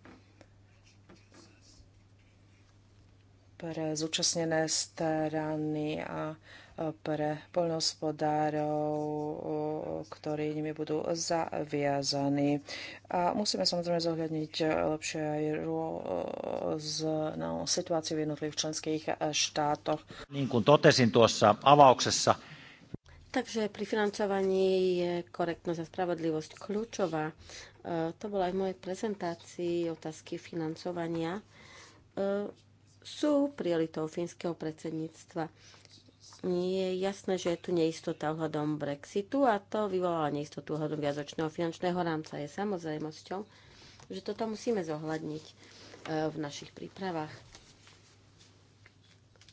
pre zúčastnené strany a pre poľnohospodárov, ktorí nimi budú zaviazaní. A musíme samozrejme zohľadniť lepšie aj no, situáciu v jednotlivých členských štátoch. Niin totesin tuossa avauksessa, Takže pri financovaní je korektnosť a spravodlivosť kľúčová. E, to bola aj v mojej prezentácii otázky financovania. E, sú prioritou fínskeho predsedníctva je jasné, že je tu neistota ohľadom Brexitu a to vyvolala neistotu ohľadom viazočného finančného rámca. Je samozrejmosťou, že toto musíme zohľadniť e, v našich prípravách.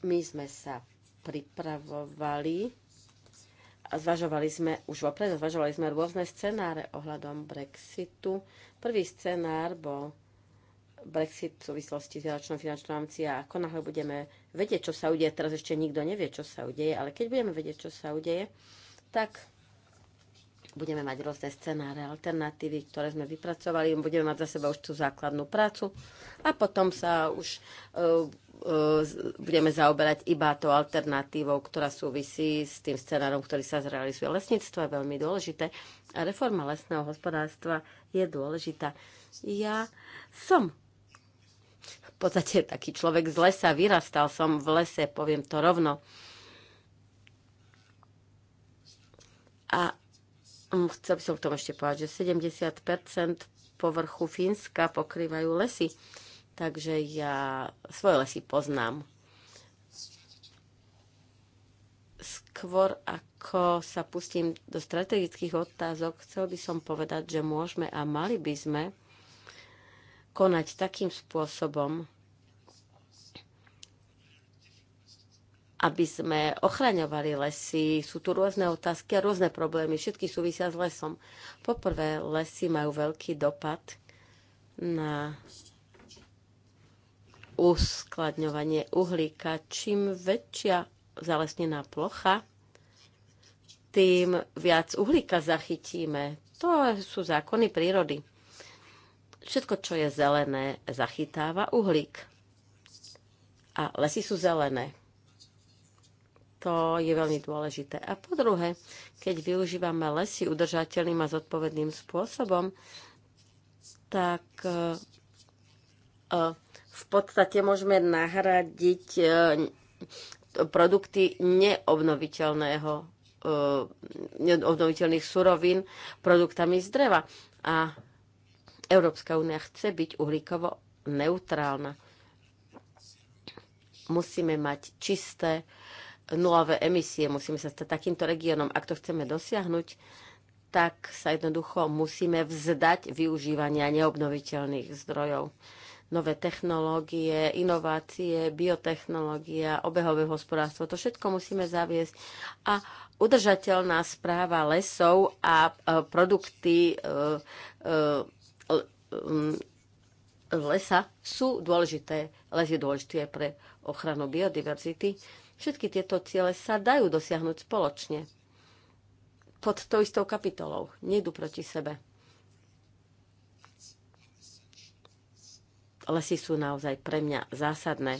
My sme sa pripravovali a zvažovali sme, už vopred zvažovali sme rôzne scenáre ohľadom Brexitu. Prvý scenár bol Brexit v súvislosti s vianočnou finančnou rámci a ako náhle budeme vedieť, čo sa udeje, teraz ešte nikto nevie, čo sa udeje, ale keď budeme vedieť, čo sa udeje, tak budeme mať rôzne scenáre, alternatívy, ktoré sme vypracovali, budeme mať za seba už tú základnú prácu a potom sa už uh, uh, budeme zaoberať iba tou alternatívou, ktorá súvisí s tým scenárom, ktorý sa zrealizuje. Lesníctvo je veľmi dôležité a reforma lesného hospodárstva je dôležitá. Ja som podstate taký človek z lesa, vyrastal som v lese, poviem to rovno. A mm, chcel by som k tomu ešte povedať, že 70 povrchu Fínska pokrývajú lesy. Takže ja svoje lesy poznám. Skôr ako sa pustím do strategických otázok, chcel by som povedať, že môžeme a mali by sme konať takým spôsobom, aby sme ochraňovali lesy. Sú tu rôzne otázky a rôzne problémy. Všetky súvisia s lesom. Poprvé, lesy majú veľký dopad na uskladňovanie uhlíka. Čím väčšia zalesnená plocha, tým viac uhlíka zachytíme. To sú zákony prírody. Všetko, čo je zelené, zachytáva uhlík. A lesy sú zelené. To je veľmi dôležité. A po druhé, keď využívame lesy udržateľným a zodpovedným spôsobom, tak e, e, v podstate môžeme nahradiť e, produkty neobnoviteľného neobnoviteľných surovín produktami z dreva. A Európska únia chce byť uhlíkovo neutrálna. Musíme mať čisté nulové emisie, musíme sa stať takýmto regiónom. Ak to chceme dosiahnuť, tak sa jednoducho musíme vzdať využívania neobnoviteľných zdrojov. Nové technológie, inovácie, biotechnológia, obehové hospodárstvo, to všetko musíme zaviesť. A udržateľná správa lesov a e, produkty e, e, Um, lesa sú dôležité. Les je dôležitý aj pre ochranu biodiverzity. Všetky tieto ciele sa dajú dosiahnuť spoločne. Pod tou istou kapitolou. Nejdu proti sebe. Lesy sú naozaj pre mňa zásadné.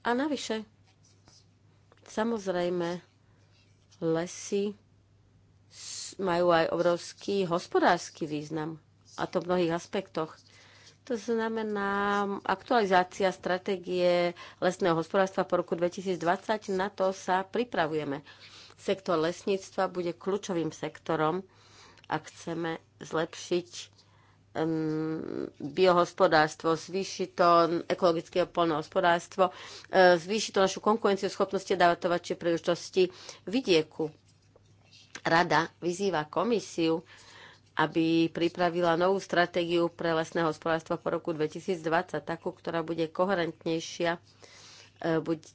A navyše, samozrejme, lesy majú aj obrovský hospodársky význam a to v mnohých aspektoch. To znamená aktualizácia stratégie lesného hospodárstva po roku 2020. Na to sa pripravujeme. Sektor lesníctva bude kľúčovým sektorom, ak chceme zlepšiť biohospodárstvo, zvýši to ekologické polnohospodárstvo, e, zvýši to našu konkurenciu, schopnosti dávať tovačie príležitosti vidieku. Rada vyzýva komisiu, aby pripravila novú stratégiu pre lesné hospodárstvo po roku 2020, takú, ktorá bude koherentnejšia e, buď e,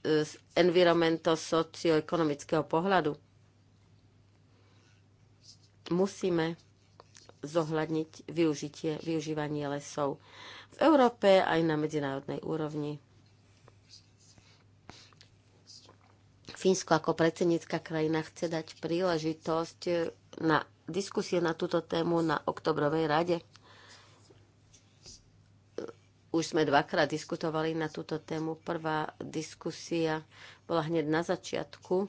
z environmento socioekonomického pohľadu. Musíme zohľadniť využitie, využívanie lesov v Európe aj na medzinárodnej úrovni. Fínsko ako predsednícka krajina chce dať príležitosť e, na diskusie na túto tému na oktobrovej rade. Už sme dvakrát diskutovali na túto tému. Prvá diskusia bola hneď na začiatku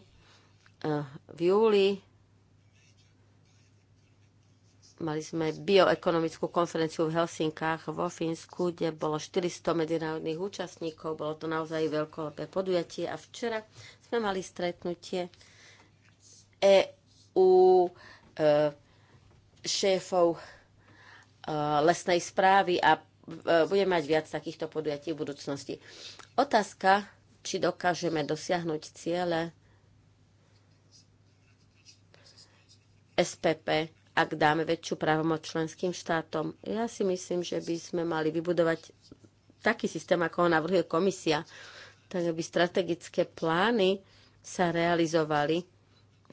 eh, v júli mali sme bioekonomickú konferenciu v Helsinkách vo Fínsku, kde bolo 400 medzinárodných účastníkov. Bolo to naozaj veľkolepé podujatie a včera sme mali stretnutie EU Eh, šéfov eh, lesnej správy a eh, bude mať viac takýchto podujatí v budúcnosti. Otázka, či dokážeme dosiahnuť ciele SPP, ak dáme väčšiu právomoc členským štátom. Ja si myslím, že by sme mali vybudovať taký systém, ako ho navrhuje komisia, tak aby strategické plány sa realizovali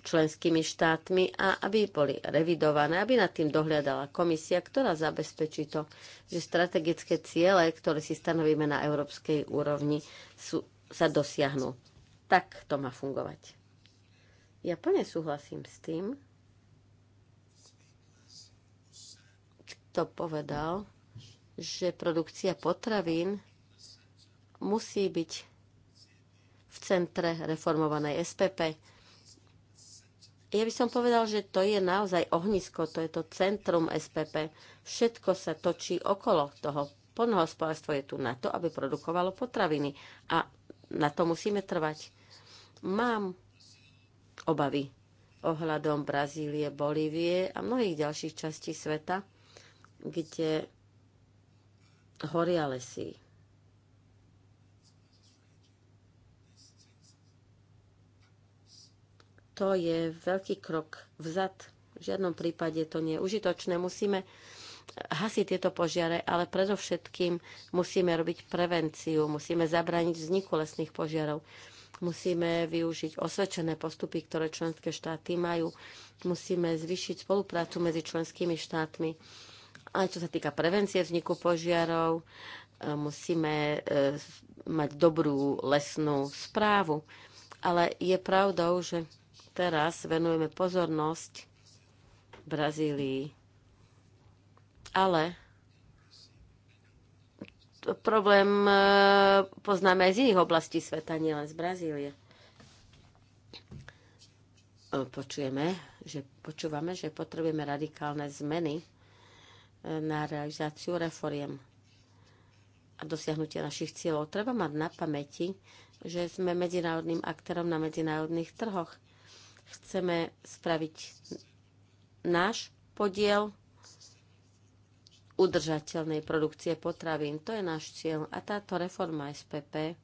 členskými štátmi a aby boli revidované, aby nad tým dohľadala komisia, ktorá zabezpečí to, že strategické ciele, ktoré si stanovíme na európskej úrovni, sú, sa dosiahnu. Tak to má fungovať. Ja plne súhlasím s tým, kto povedal, že produkcia potravín musí byť v centre reformovanej SPP ja by som povedal, že to je naozaj ohnisko, to je to centrum SPP. Všetko sa točí okolo toho. Poľnohospodárstvo je tu na to, aby produkovalo potraviny. A na to musíme trvať. Mám obavy ohľadom Brazílie, Bolívie a mnohých ďalších častí sveta, kde horia lesy. to je veľký krok vzad. V žiadnom prípade to nie je užitočné. Musíme hasiť tieto požiare, ale predovšetkým musíme robiť prevenciu, musíme zabrániť vzniku lesných požiarov, musíme využiť osvedčené postupy, ktoré členské štáty majú, musíme zvýšiť spoluprácu medzi členskými štátmi. Aj čo sa týka prevencie vzniku požiarov, e, musíme e, mať dobrú lesnú správu. Ale je pravdou, že Teraz venujeme pozornosť Brazílii. Ale problém e, poznáme aj z iných oblastí sveta, nielen z Brazílie. E, počujeme, že počúvame, že potrebujeme radikálne zmeny e, na realizáciu reforiem a dosiahnutie našich cieľov. Treba mať na pamäti, že sme medzinárodným aktérom na medzinárodných trhoch Chceme spraviť náš podiel udržateľnej produkcie potravín. To je náš cieľ. A táto reforma SPP,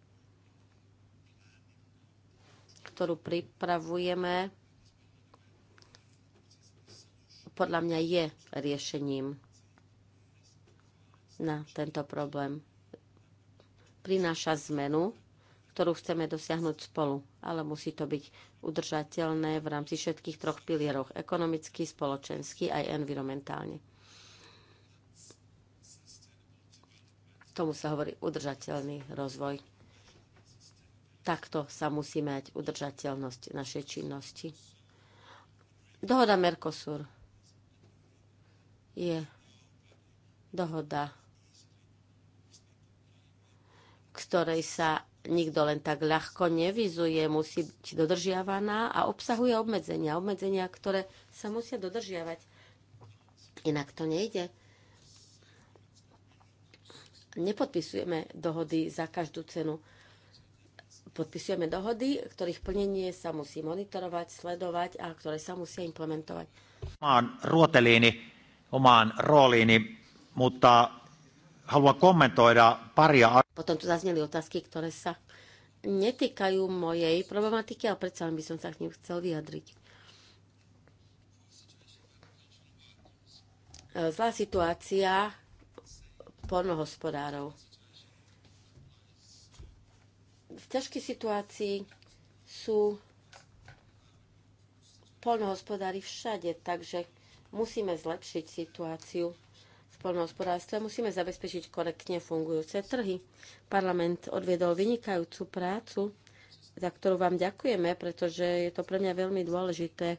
ktorú pripravujeme, podľa mňa je riešením na tento problém. Prináša zmenu ktorú chceme dosiahnuť spolu, ale musí to byť udržateľné v rámci všetkých troch pilieroch, ekonomicky, spoločensky aj environmentálne. Tomu sa hovorí udržateľný rozvoj. Takto sa musí mať udržateľnosť našej činnosti. Dohoda Mercosur je dohoda, ktorej sa nikto len tak ľahko nevizuje. musí byť dodržiavaná a obsahuje obmedzenia. Obmedzenia, ktoré sa musia dodržiavať. Inak to nejde. Nepodpisujeme dohody za každú cenu. Podpisujeme dohody, ktorých plnenie sa musí monitorovať, sledovať a ktoré sa musia implementovať. Mám ruoteliini, omaan rooliini, mutta haluan kommentoida paria potom tu zazneli otázky, ktoré sa netýkajú mojej problematiky, ale predsa by som sa k ním chcel vyjadriť. E, zlá situácia pornohospodárov. V ťažkej situácii sú polnohospodári všade, takže musíme zlepšiť situáciu poľnohospodárstve musíme zabezpečiť korektne fungujúce trhy. Parlament odviedol vynikajúcu prácu, za ktorú vám ďakujeme, pretože je to pre mňa veľmi dôležité. E,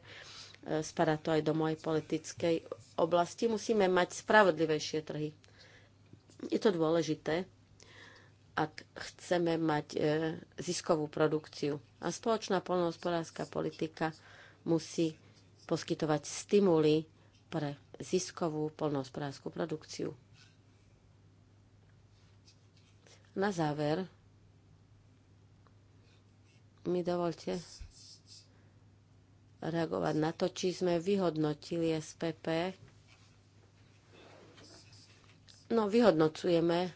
spadá to aj do mojej politickej oblasti. Musíme mať spravodlivejšie trhy. Je to dôležité, ak chceme mať e, ziskovú produkciu. A spoločná poľnohospodárska politika musí poskytovať stimuly pre ziskovú polnohospodárskú produkciu. Na záver mi dovolte reagovať na to, či sme vyhodnotili SPP. No, vyhodnocujeme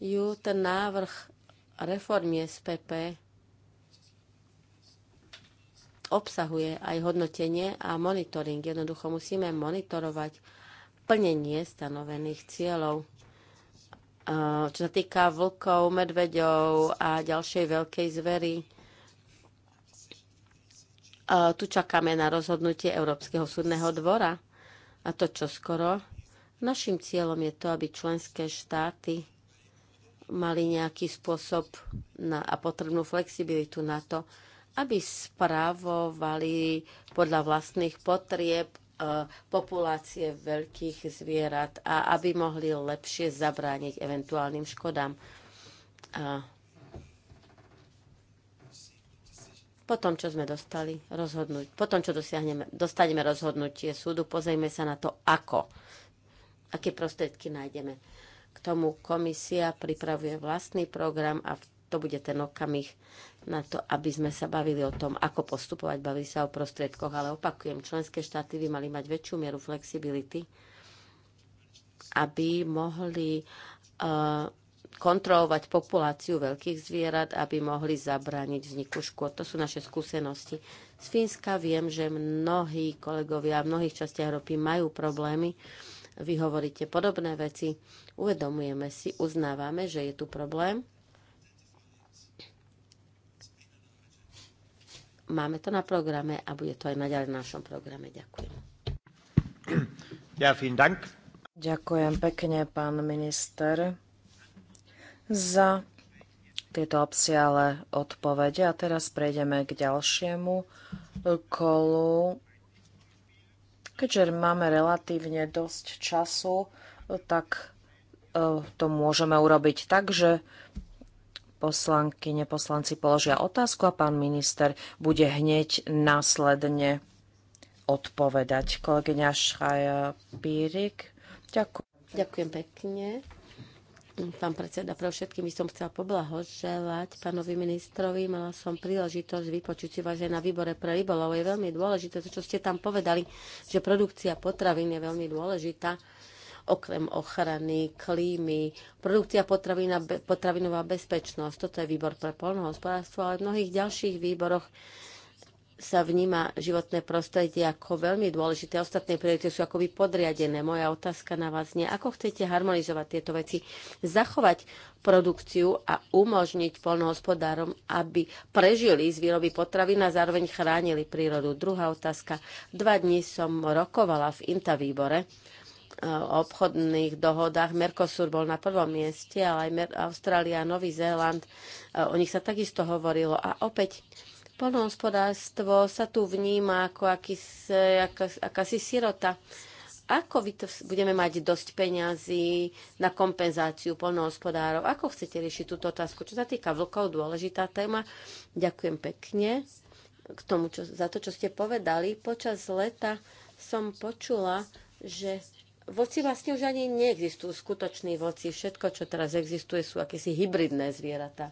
ju ten návrh reformy SPP obsahuje aj hodnotenie a monitoring. Jednoducho musíme monitorovať plnenie stanovených cieľov. Čo sa týka vlkov, medveďov a ďalšej veľkej zvery, tu čakáme na rozhodnutie Európskeho súdneho dvora. A to čo skoro? Našim cieľom je to, aby členské štáty mali nejaký spôsob na, a potrebnú flexibilitu na to, aby správovali podľa vlastných potrieb e, populácie veľkých zvierat a aby mohli lepšie zabrániť eventuálnym škodám. A po tom, čo sme dostali rozhodnúť, po tom, čo dosiahneme, dostaneme rozhodnutie súdu, pozrieme sa na to, ako, aké prostriedky nájdeme. K tomu komisia pripravuje vlastný program a v to bude ten okamih na to, aby sme sa bavili o tom, ako postupovať, bavili sa o prostriedkoch, ale opakujem, členské štáty by mali mať väčšiu mieru flexibility, aby mohli uh, kontrolovať populáciu veľkých zvierat, aby mohli zabrániť vzniku škôd. To sú naše skúsenosti. Z Fínska viem, že mnohí kolegovia v mnohých častiach Európy majú problémy. Vy hovoríte podobné veci. Uvedomujeme si, uznávame, že je tu problém máme to na programe a bude to aj naďalej na našom programe. Ďakujem. Ja, vielen Dank. Ďakujem pekne, pán minister, za tieto obsiale odpovede. A teraz prejdeme k ďalšiemu kolu. Keďže máme relatívne dosť času, tak eh, to môžeme urobiť tak, že poslankyne, poslanci položia otázku a pán minister bude hneď následne odpovedať. Kolegyňa Šraja Pírik. Ďakujem. Ďakujem pekne. Pán predseda, pre všetkým som chcela poblahoželať pánovi ministrovi. Mala som príležitosť vypočuť si vás aj na výbore pre rybolov. Je veľmi dôležité to, čo ste tam povedali, že produkcia potravín je veľmi dôležitá okrem ochrany klímy, produkcia potravina, potravinová bezpečnosť. Toto je výbor pre polnohospodárstvo, ale v mnohých ďalších výboroch sa vníma životné prostredie ako veľmi dôležité. Ostatné priority sú akoby podriadené. Moja otázka na vás nie. Ako chcete harmonizovať tieto veci? Zachovať produkciu a umožniť polnohospodárom, aby prežili z výroby potravín a zároveň chránili prírodu. Druhá otázka. Dva dní som rokovala v INTA výbore obchodných dohodách. Mercosur bol na prvom mieste, ale aj Austrália, Nový Zéland, e, o nich sa takisto hovorilo. A opäť Polnohospodárstvo sa tu vníma ako akis, akas, akási sirota. Ako vy to, budeme mať dosť peňazí na kompenzáciu polnohospodárov? Ako chcete riešiť túto otázku? Čo sa týka vlkov, dôležitá téma. Ďakujem pekne k tomu, čo, za to, čo ste povedali. Počas leta som počula, že voci vlastne už ani neexistujú skutoční voci. Všetko, čo teraz existuje, sú akési hybridné zvieratá.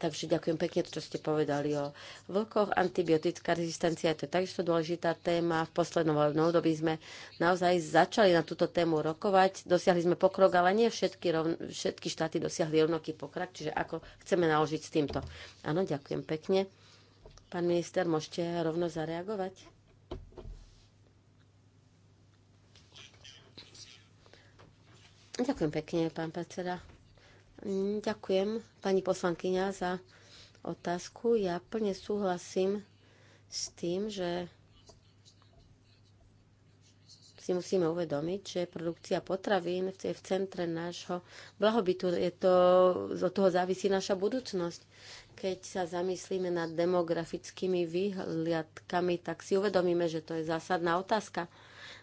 Takže ďakujem pekne, to, čo ste povedali o vlkoch. Antibiotická rezistencia to je takisto dôležitá téma. V poslednom období sme naozaj začali na túto tému rokovať. Dosiahli sme pokrok, ale nie všetky, rovn- všetky štáty dosiahli rovnaký pokrok. Čiže ako chceme naložiť s týmto? Áno, ďakujem pekne. Pán minister, môžete rovno zareagovať? Ďakujem pekne, pán predseda. Mm, Ďakujem, pani poslankyňa, za otázku. Ja plne súhlasím s tým, že si musíme uvedomiť, že produkcia potravín je v centre nášho blahobytu. Je to, od toho závisí naša budúcnosť. Keď sa zamyslíme nad demografickými výhliadkami, tak si uvedomíme, že to je zásadná otázka.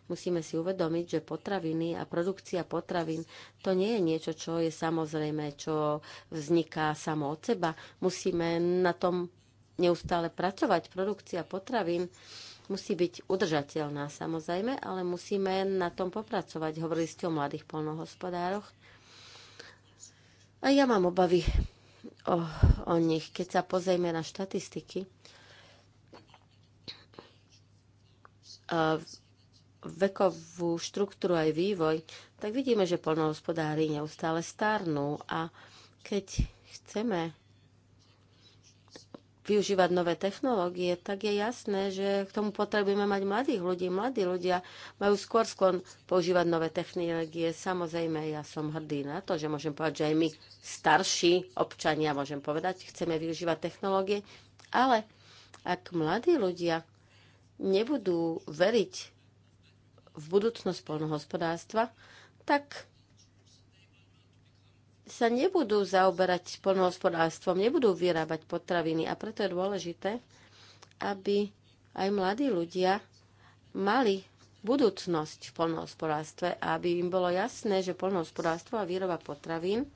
Musíme si uvedomiť, že potraviny a produkcia potravín to nie je niečo, čo je samozrejme, čo vzniká samo od seba. Musíme na tom neustále pracovať. Produkcia potravín musí byť udržateľná samozrejme, ale musíme na tom popracovať. Hovorili ste o mladých polnohospodároch. A ja mám obavy o, o nich. Keď sa pozrieme na štatistiky, vekovú štruktúru aj vývoj, tak vidíme, že polnohospodári neustále starnú a keď chceme využívať nové technológie, tak je jasné, že k tomu potrebujeme mať mladých ľudí. Mladí ľudia majú skôr sklon používať nové technológie. Samozrejme, ja som hrdý na to, že môžem povedať, že aj my starší občania, môžem povedať, chceme využívať technológie, ale ak mladí ľudia nebudú veriť v budúcnosť polnohospodárstva, tak sa nebudú zaoberať polnohospodárstvom, nebudú vyrábať potraviny. A preto je dôležité, aby aj mladí ľudia mali budúcnosť v polnohospodárstve a aby im bolo jasné, že polnohospodárstvo a výroba potravín e,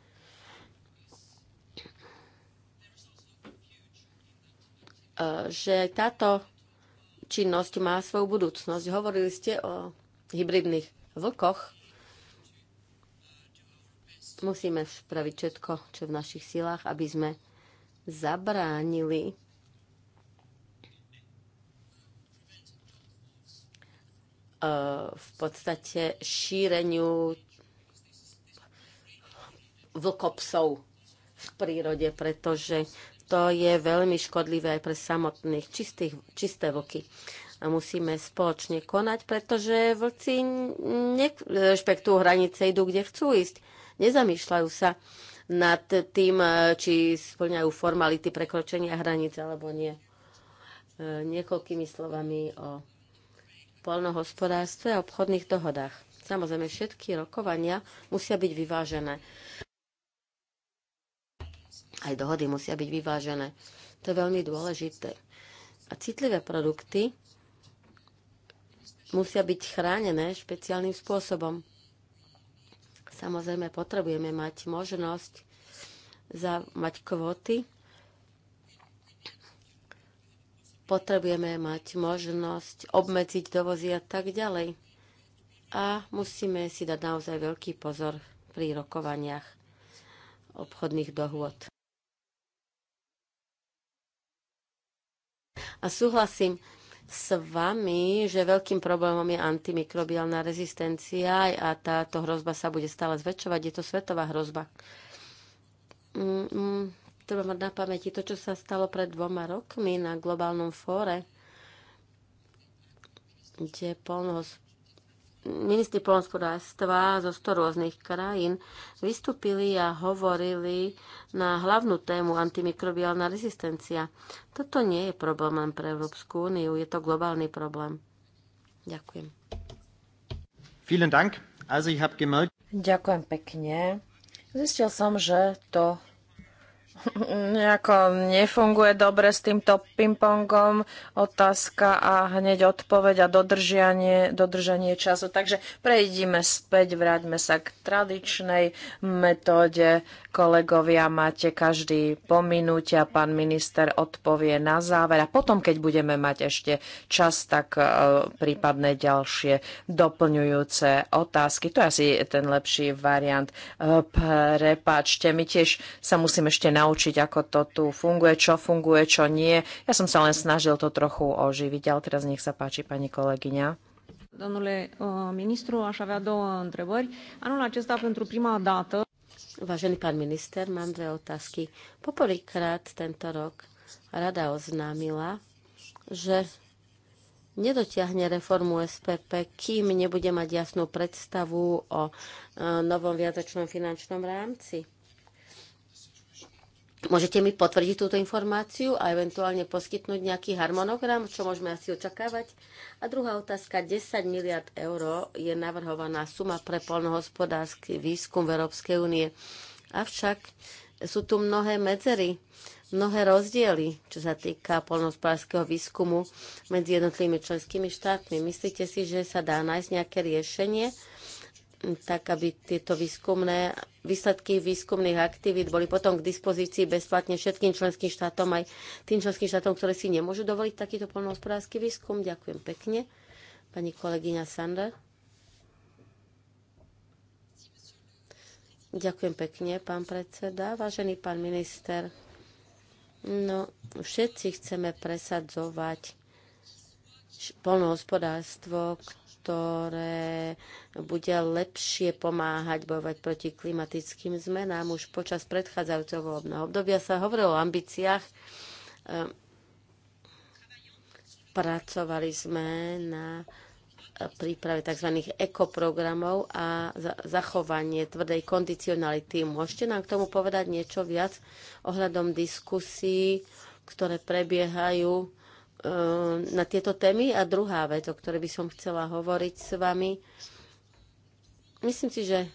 že táto činnosť má svoju budúcnosť. Hovorili ste o hybridných vlkoch, musíme spraviť všetko, čo je v našich silách, aby sme zabránili eh, v podstate šíreniu vlkopsov v prírode, pretože to je veľmi škodlivé aj pre samotných čistých, čisté vlky a musíme spoločne konať, pretože vlci nerešpektujú hranice, idú kde chcú ísť. Nezamýšľajú sa nad tým, či splňajú formality prekročenia hranice alebo nie. E, niekoľkými slovami o poľnohospodárstve a obchodných dohodách. Samozrejme, všetky rokovania musia byť vyvážené. Aj dohody musia byť vyvážené. To je veľmi dôležité. A citlivé produkty musia byť chránené špeciálnym spôsobom. Samozrejme, potrebujeme mať možnosť za, mať kvóty, potrebujeme mať možnosť obmedziť dovozy a tak ďalej. A musíme si dať naozaj veľký pozor pri rokovaniach obchodných dohôd. A súhlasím s vami, že veľkým problémom je antimikrobiálna rezistencia a táto hrozba sa bude stále zväčšovať. Je to svetová hrozba. Mm, mm, treba mať na pamäti to, čo sa stalo pred dvoma rokmi na globálnom fóre, kde polnohospodárstvo ministri polnospodárstva zo 100 rôznych krajín vystúpili a hovorili na hlavnú tému antimikrobiálna rezistencia. Toto nie je problém pre Európsku úniu, je to globálny problém. Ďakujem. Vielen Dank. Also ich gemerkt... Ďakujem pekne. Zistil som, že to nejako nefunguje dobre s týmto pingpongom otázka a hneď odpoveď a dodržanie, dodržanie času. Takže prejdime späť, vráťme sa k tradičnej metóde. Kolegovia, máte každý po minúte a pán minister odpovie na záver. A potom, keď budeme mať ešte čas, tak e, prípadne ďalšie doplňujúce otázky. To je asi ten lepší variant. E, prepačte, my tiež sa musím ešte naučiť naučiť, ako to tu funguje, čo funguje, čo nie. Ja som sa len snažil to trochu oživiť, ale teraz nech sa páči, pani kolegyňa. Domnule eh, ministru, aș avea două întrebări. Anul acesta, pentru prima dată... Vážený pán minister, mám dve otázky. Poprvýkrát tento rok rada oznámila, že nedotiahne reformu SPP, kým nebude mať jasnú predstavu o eh, novom viatočnom finančnom rámci. Môžete mi potvrdiť túto informáciu a eventuálne poskytnúť nejaký harmonogram, čo môžeme asi očakávať? A druhá otázka, 10 miliard eur je navrhovaná suma pre polnohospodársky výskum v Európskej únie. Avšak sú tu mnohé medzery, mnohé rozdiely, čo sa týka polnohospodárskeho výskumu medzi jednotlivými členskými štátmi. Myslíte si, že sa dá nájsť nejaké riešenie? tak aby tieto výskumné, výsledky výskumných aktivít boli potom k dispozícii bezplatne všetkým členským štátom, aj tým členským štátom, ktoré si nemôžu dovoliť takýto polnohospodársky výskum. Ďakujem pekne. Pani kolegyňa Sander. Ďakujem pekne, pán predseda. Vážený pán minister, no, všetci chceme presadzovať polnohospodárstvo, ktoré bude lepšie pomáhať bojovať proti klimatickým zmenám. Už počas predchádzajúceho volebného obdobia sa hovorilo o ambíciách. Ehm, pracovali sme na príprave tzv. ekoprogramov a zachovanie tvrdej kondicionality. Môžete nám k tomu povedať niečo viac ohľadom diskusí, ktoré prebiehajú Eh, na tieto témy. A druhá vec, o ktorej by som chcela hovoriť s vami, myslím si, že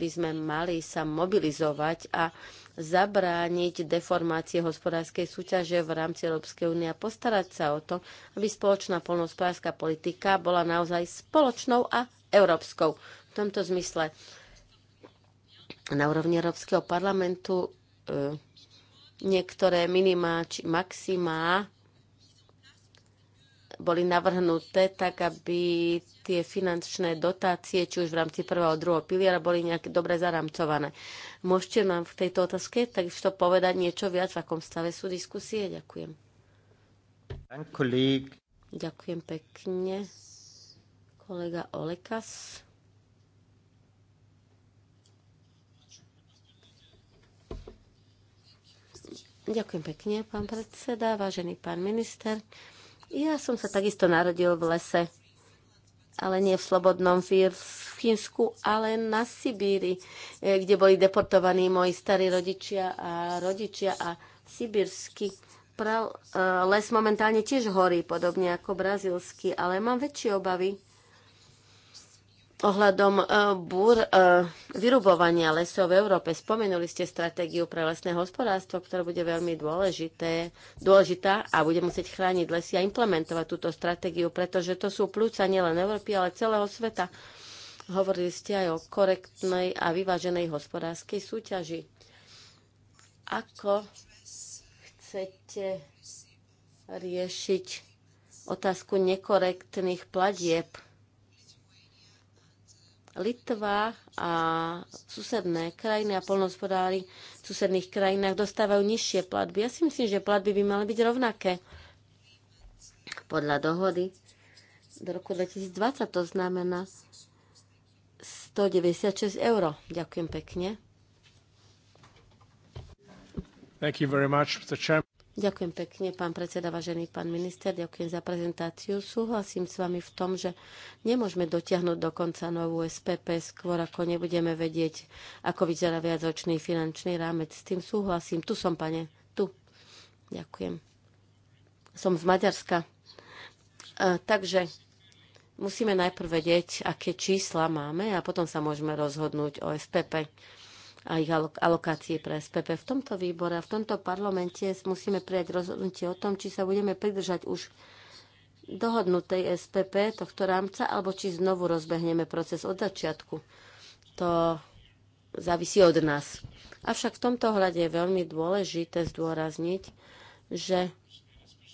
by sme mali sa mobilizovať a zabrániť deformácie hospodárskej súťaže v rámci Európskej únie a postarať sa o to, aby spoločná polnohospodárska politika bola naozaj spoločnou a európskou. V tomto zmysle na úrovni Európskeho parlamentu eh, niektoré minimá či maximá boli navrhnuté tak, aby tie finančné dotácie, či už v rámci prvého a druhého piliera, boli nejak dobre zaramcované. Môžete nám v tejto otázke takisto povedať niečo viac, v akom stave sú diskusie? Ďakujem. Ďakujem pekne. Kolega Olekas. Ďakujem pekne, pán predseda, vážený pán minister. Ja som sa takisto narodil v lese, ale nie v Slobodnom v Fínsku, ale na Sibíri, e, kde boli deportovaní moji starí rodičia a rodičia a sibírsky e, les momentálne tiež horí, podobne ako brazílsky, ale mám väčšie obavy ohľadom e, búr e, vyrubovania lesov v Európe. Spomenuli ste stratégiu pre lesné hospodárstvo, ktorá bude veľmi dôležité, dôležitá a bude musieť chrániť lesy a implementovať túto stratégiu, pretože to sú plúca nielen Európy, ale celého sveta. Hovorili ste aj o korektnej a vyváženej hospodárskej súťaži. Ako chcete riešiť otázku nekorektných platieb Litva a susedné krajiny a polnospodári v susedných krajinách dostávajú nižšie platby. Ja si myslím, že platby by mali byť rovnaké podľa dohody do roku 2020. To znamená 196 eur. Ďakujem pekne. Thank you very much, Mr. Ďakujem pekne, pán predseda, vážený pán minister, ďakujem za prezentáciu. Súhlasím s vami v tom, že nemôžeme dotiahnuť do konca novú SPP skôr, ako nebudeme vedieť, ako vyzerá viacročný finančný rámec. S tým súhlasím. Tu som, pane, tu. Ďakujem. Som z Maďarska. E, takže musíme najprv vedieť, aké čísla máme a potom sa môžeme rozhodnúť o SPP a ich alokácie pre SPP. V tomto výbore a v tomto parlamente musíme prijať rozhodnutie o tom, či sa budeme pridržať už dohodnutej SPP tohto rámca, alebo či znovu rozbehneme proces od začiatku. To závisí od nás. Avšak v tomto hľade je veľmi dôležité zdôrazniť, že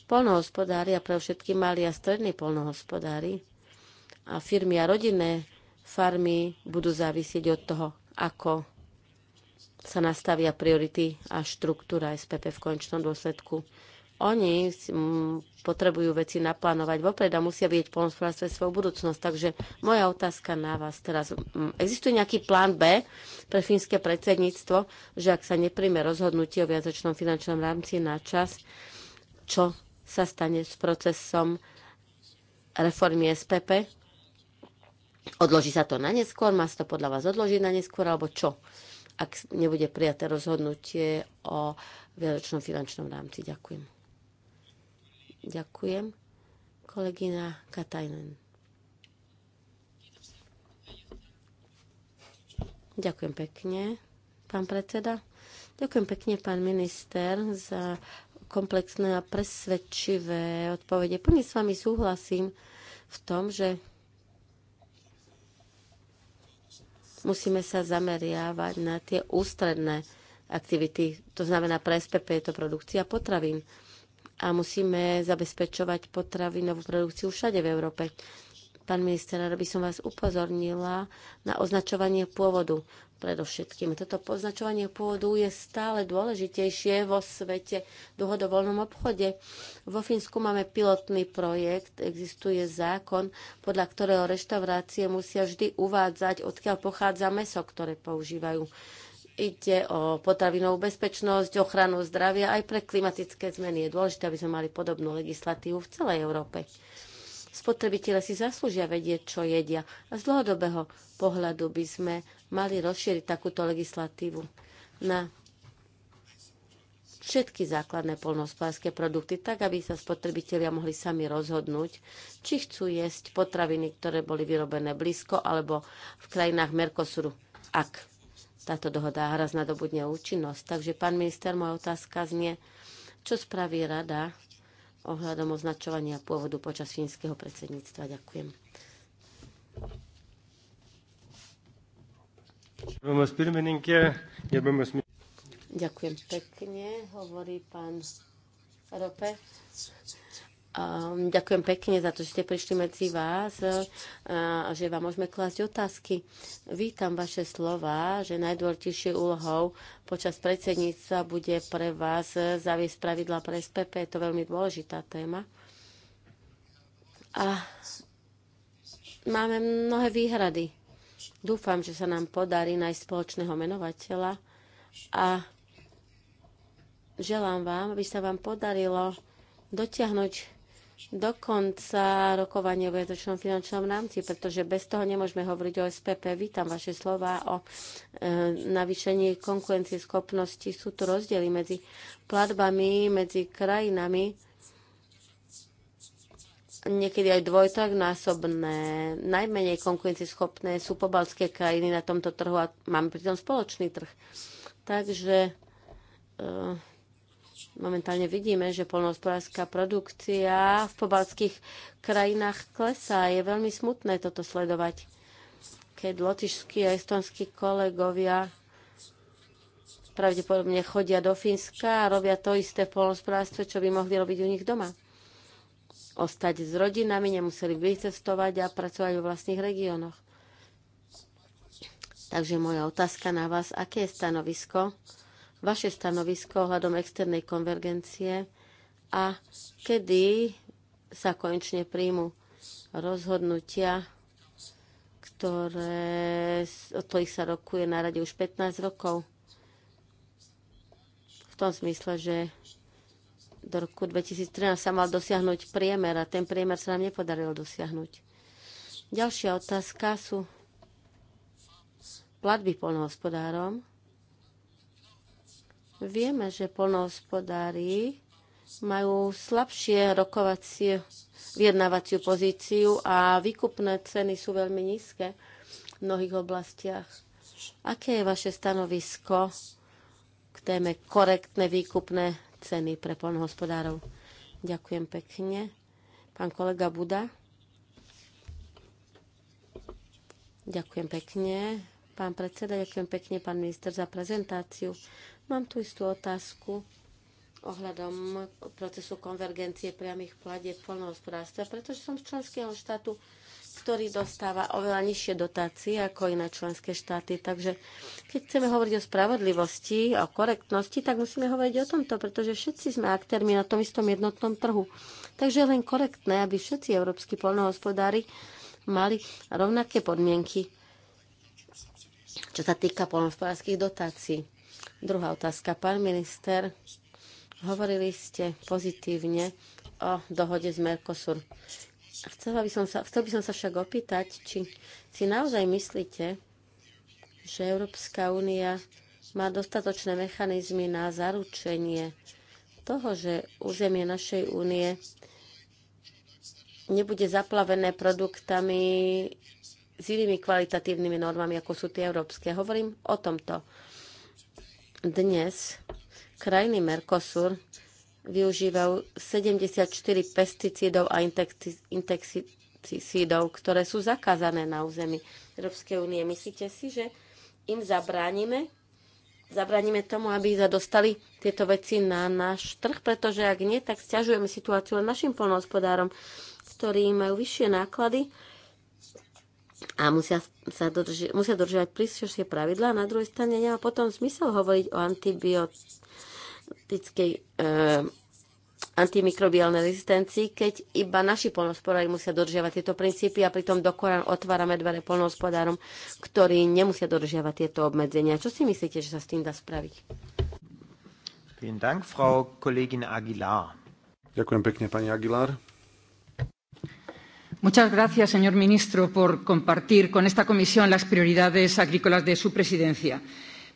polnohospodári a pre všetky mali a strední polnohospodári a firmy a rodinné farmy budú závisieť od toho, ako sa nastavia priority a štruktúra SPP v konečnom dôsledku. Oni potrebujú veci naplánovať vopred a musia vidieť polnospodárstve svoju budúcnosť. Takže moja otázka na vás teraz. Existuje nejaký plán B pre fínske predsedníctvo, že ak sa nepríjme rozhodnutie o viacočnom finančnom rámci na čas, čo sa stane s procesom reformy SPP? Odloží sa to na neskôr? Má sa to podľa vás odložiť na neskôr? Alebo čo? ak nebude prijaté rozhodnutie o viadočnom finančnom rámci. Ďakujem. Ďakujem. Kolegyna Katajnen. Ďakujem pekne, pán predseda. Ďakujem pekne, pán minister, za komplexné a presvedčivé odpovede. Plne s vami súhlasím v tom, že musíme sa zameriavať na tie ústredné aktivity, to znamená pre SPP je to produkcia potravín a musíme zabezpečovať potravinovú produkciu všade v Európe pán minister, aby som vás upozornila na označovanie pôvodu. Predovšetkým toto označovanie pôvodu je stále dôležitejšie vo svete voľnom obchode. Vo Fínsku máme pilotný projekt, existuje zákon, podľa ktorého reštaurácie musia vždy uvádzať, odkiaľ pochádza meso, ktoré používajú. Ide o potravinovú bezpečnosť, ochranu zdravia aj pre klimatické zmeny. Je dôležité, aby sme mali podobnú legislatívu v celej Európe. Spotrebitelia si zaslúžia vedieť, čo jedia. A z dlhodobého pohľadu by sme mali rozšíriť takúto legislatívu na všetky základné polnohospodárske produkty, tak aby sa spotrebitelia mohli sami rozhodnúť, či chcú jesť potraviny, ktoré boli vyrobené blízko alebo v krajinách Mercosuru, ak táto dohoda raz nadobudne účinnosť. Takže, pán minister, moja otázka znie, čo spraví rada ohľadom označovania pôvodu počas fínskeho predsedníctva. Ďakujem. Ďakujem pekne, hovorí pán Rope. Ehm, ďakujem pekne za to, že ste prišli medzi vás eh, a že vám môžeme klásť otázky. Vítam vaše slova, že najdôležitejšou úlohou počas predsedníctva bude pre vás eh, zaviesť pravidla pre SPP. Je to veľmi dôležitá téma. A máme mnohé výhrady. Dúfam, že sa nám podarí nájsť spoločného menovateľa a želám vám, aby sa vám podarilo dotiahnuť do konca rokovania v jednočnom finančnom rámci, pretože bez toho nemôžeme hovoriť o SPP. Vítam vaše slova o e, navýšení konkurencie schopnosti. Sú tu rozdiely medzi platbami, medzi krajinami niekedy aj dvojtrojnásobné. Najmenej konkurencieschopné sú pobalské krajiny na tomto trhu a máme pritom spoločný trh. Takže e, momentálne vidíme, že polnohospodárska produkcia v pobalských krajinách klesá. Je veľmi smutné toto sledovať. Keď lotišskí a estonskí kolegovia pravdepodobne chodia do Fínska a robia to isté v polnohospodárstve, čo by mohli robiť u nich doma. Ostať s rodinami, nemuseli vycestovať a pracovať vo vlastných regiónoch. Takže moja otázka na vás, aké je stanovisko vaše stanovisko ohľadom externej konvergencie a kedy sa konečne príjmu rozhodnutia, ktoré, o ktorých sa rokuje na rade už 15 rokov. V tom smysle, že do roku 2013 sa mal dosiahnuť priemer a ten priemer sa nám nepodarilo dosiahnuť. Ďalšia otázka sú platby polnohospodárom. Vieme, že polnohospodári majú slabšie rokovacie vyjednávaciu pozíciu a výkupné ceny sú veľmi nízke v mnohých oblastiach. Aké je vaše stanovisko k téme korektné výkupné ceny pre polnohospodárov? Ďakujem pekne. Pán kolega Buda. Ďakujem pekne. Pán predseda, ďakujem pekne, pán minister, za prezentáciu. Mám tu istú otázku ohľadom procesu konvergencie priamých platieb v pretože som z členského štátu, ktorý dostáva oveľa nižšie dotácie ako iné členské štáty. Takže keď chceme hovoriť o spravodlivosti, o korektnosti, tak musíme hovoriť o tomto, pretože všetci sme aktérmi na tom istom jednotnom trhu. Takže je len korektné, aby všetci európsky poľnohospodári mali rovnaké podmienky, čo sa týka poľnohospodárských dotácií. Druhá otázka. Pán minister, hovorili ste pozitívne o dohode s Mercosur. Chcela by som sa, chcel by som sa však opýtať, či si naozaj myslíte, že Európska únia má dostatočné mechanizmy na zaručenie toho, že územie našej únie nebude zaplavené produktami s inými kvalitatívnymi normami, ako sú tie európske. Hovorím o tomto. Dnes krajiny Mercosur využívajú 74 pesticídov a intexicídov, ktoré sú zakázané na území Európskej únie. Myslíte si, že im zabránime? Zabránime tomu, aby sa dostali tieto veci na náš trh, pretože ak nie, tak stiažujeme situáciu našim polnohospodárom, ktorí majú vyššie náklady a musia, sa dodrži- musia dodržiavať prísnejšie pravidlá. Na druhej strane nemá potom zmysel hovoriť o antibiotickej e, antimikrobiálnej rezistencii, keď iba naši polnospodári musia dodržiavať tieto princípy a pritom dokoran otvárame dvere polnospodárom, ktorí nemusia dodržiavať tieto obmedzenia. Čo si myslíte, že sa s tým dá spraviť? Vielen Dank, Frau Kollegin Aguilar. Ďakujem pekne, pani Aguilar. Muchas gracias, señor ministro, por compartir con esta comisión las prioridades agrícolas de su presidencia.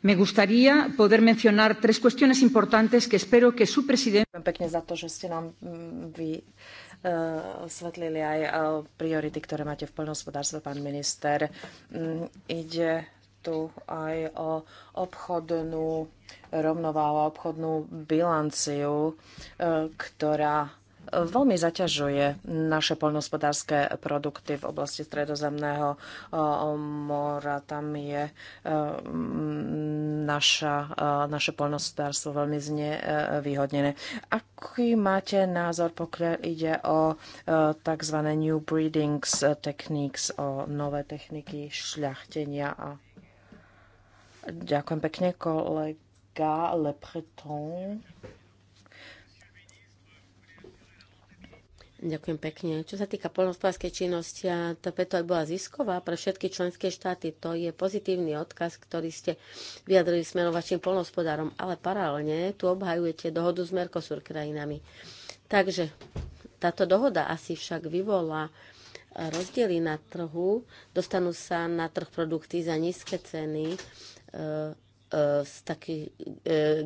Me gustaría poder mencionar tres cuestiones importantes que espero que su presidencia. Mm, eh, osvetlili aj eh, priority, ktoré máte v poľnohospodárstve, pán minister. Mm, ide tu aj o obchodnú rovnováhu, obchodnú bilanciu, eh, ktorá veľmi zaťažuje naše poľnohospodárske produkty v oblasti Stredozemného mora. Tam je e, naša, e, naše poľnohospodárstvo veľmi znevýhodnené. Aký máte názor, pokiaľ ide o e, tzv. new breedings techniques, o nové techniky šľachtenia a Ďakujem pekne, kolega Le Breton. Ďakujem pekne. Čo sa týka polnohospodárskej činnosti, a tá PETO aj bola zisková pre všetky členské štáty. To je pozitívny odkaz, ktorý ste vyjadrili smerom vašim polnohospodárom, ale paralelne tu obhajujete dohodu s Mercosur krajinami. Takže táto dohoda asi však vyvolá rozdiely na trhu, dostanú sa na trh produkty za nízke ceny, e, E, z takých e,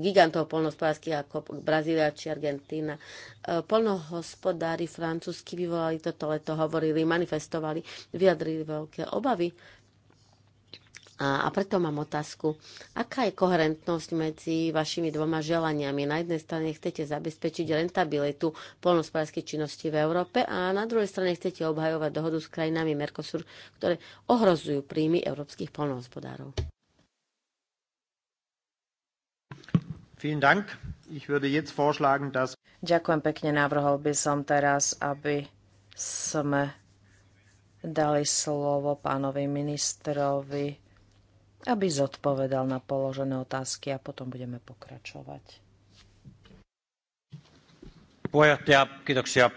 gigantov polnohospodárských ako Brazília či Argentína. E, polnohospodári francúzsky vyvolali toto leto, hovorili, manifestovali, vyjadrili veľké obavy. A, a preto mám otázku, aká je koherentnosť medzi vašimi dvoma želaniami? Na jednej strane chcete zabezpečiť rentabilitu polnospodárskej činnosti v Európe a na druhej strane chcete obhajovať dohodu s krajinami Mercosur, ktoré ohrozujú príjmy európskych polnohospodárov. Vielen Dank. Ich würde jetzt vorschlagen, dass... Ďakujem pekne. Navrhol by som teraz, aby sme dali slovo pánovi ministrovi, aby zodpovedal na položené otázky a potom budeme pokračovať. Puheenjohtaja, kiitoksia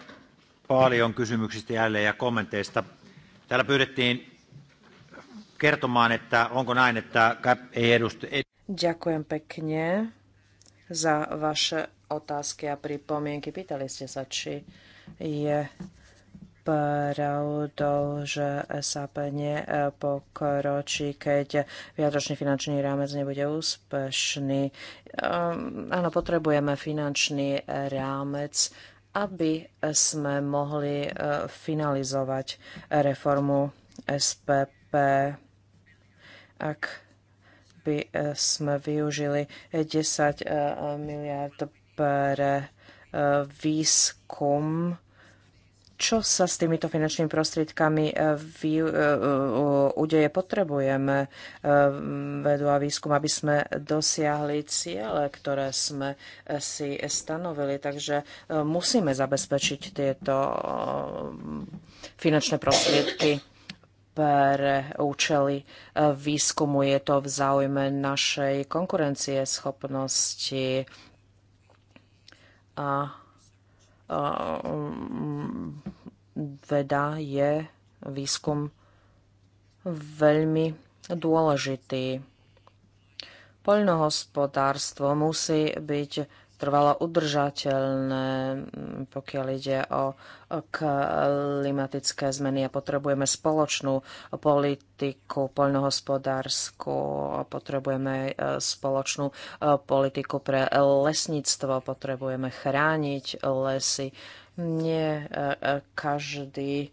paljon kysymyksistä jälleen ja kommenteista. Täällä pyydettiin kertomaan, että onko näin, että ei edusta... Ďakujem pekne za vaše otázky a pripomienky. Pýtali ste sa, či je pravdou, že SAP nepokročí, keď viacročný finančný rámec nebude úspešný. Ehm, áno, potrebujeme finančný rámec, aby sme mohli e, finalizovať reformu SPP. Ak aby e, sme využili 10 e, e, miliard pre výskum čo sa s týmito finančnými prostriedkami udeje. Potrebujeme vedu a výskum, aby sme dosiahli ciele, ktoré sme si stanovili. Takže musíme zabezpečiť tieto finančné prostriedky pre účely e, výskumu. Je to v záujme našej konkurencieschopnosti. a, a mm, veda je výskum veľmi dôležitý. Poľnohospodárstvo musí byť trvalo udržateľné, mm, pokiaľ ide o klimatické zmeny a potrebujeme spoločnú politiku poľnohospodárskú, potrebujeme e, spoločnú e, politiku pre lesníctvo, potrebujeme chrániť lesy. Nie e, každý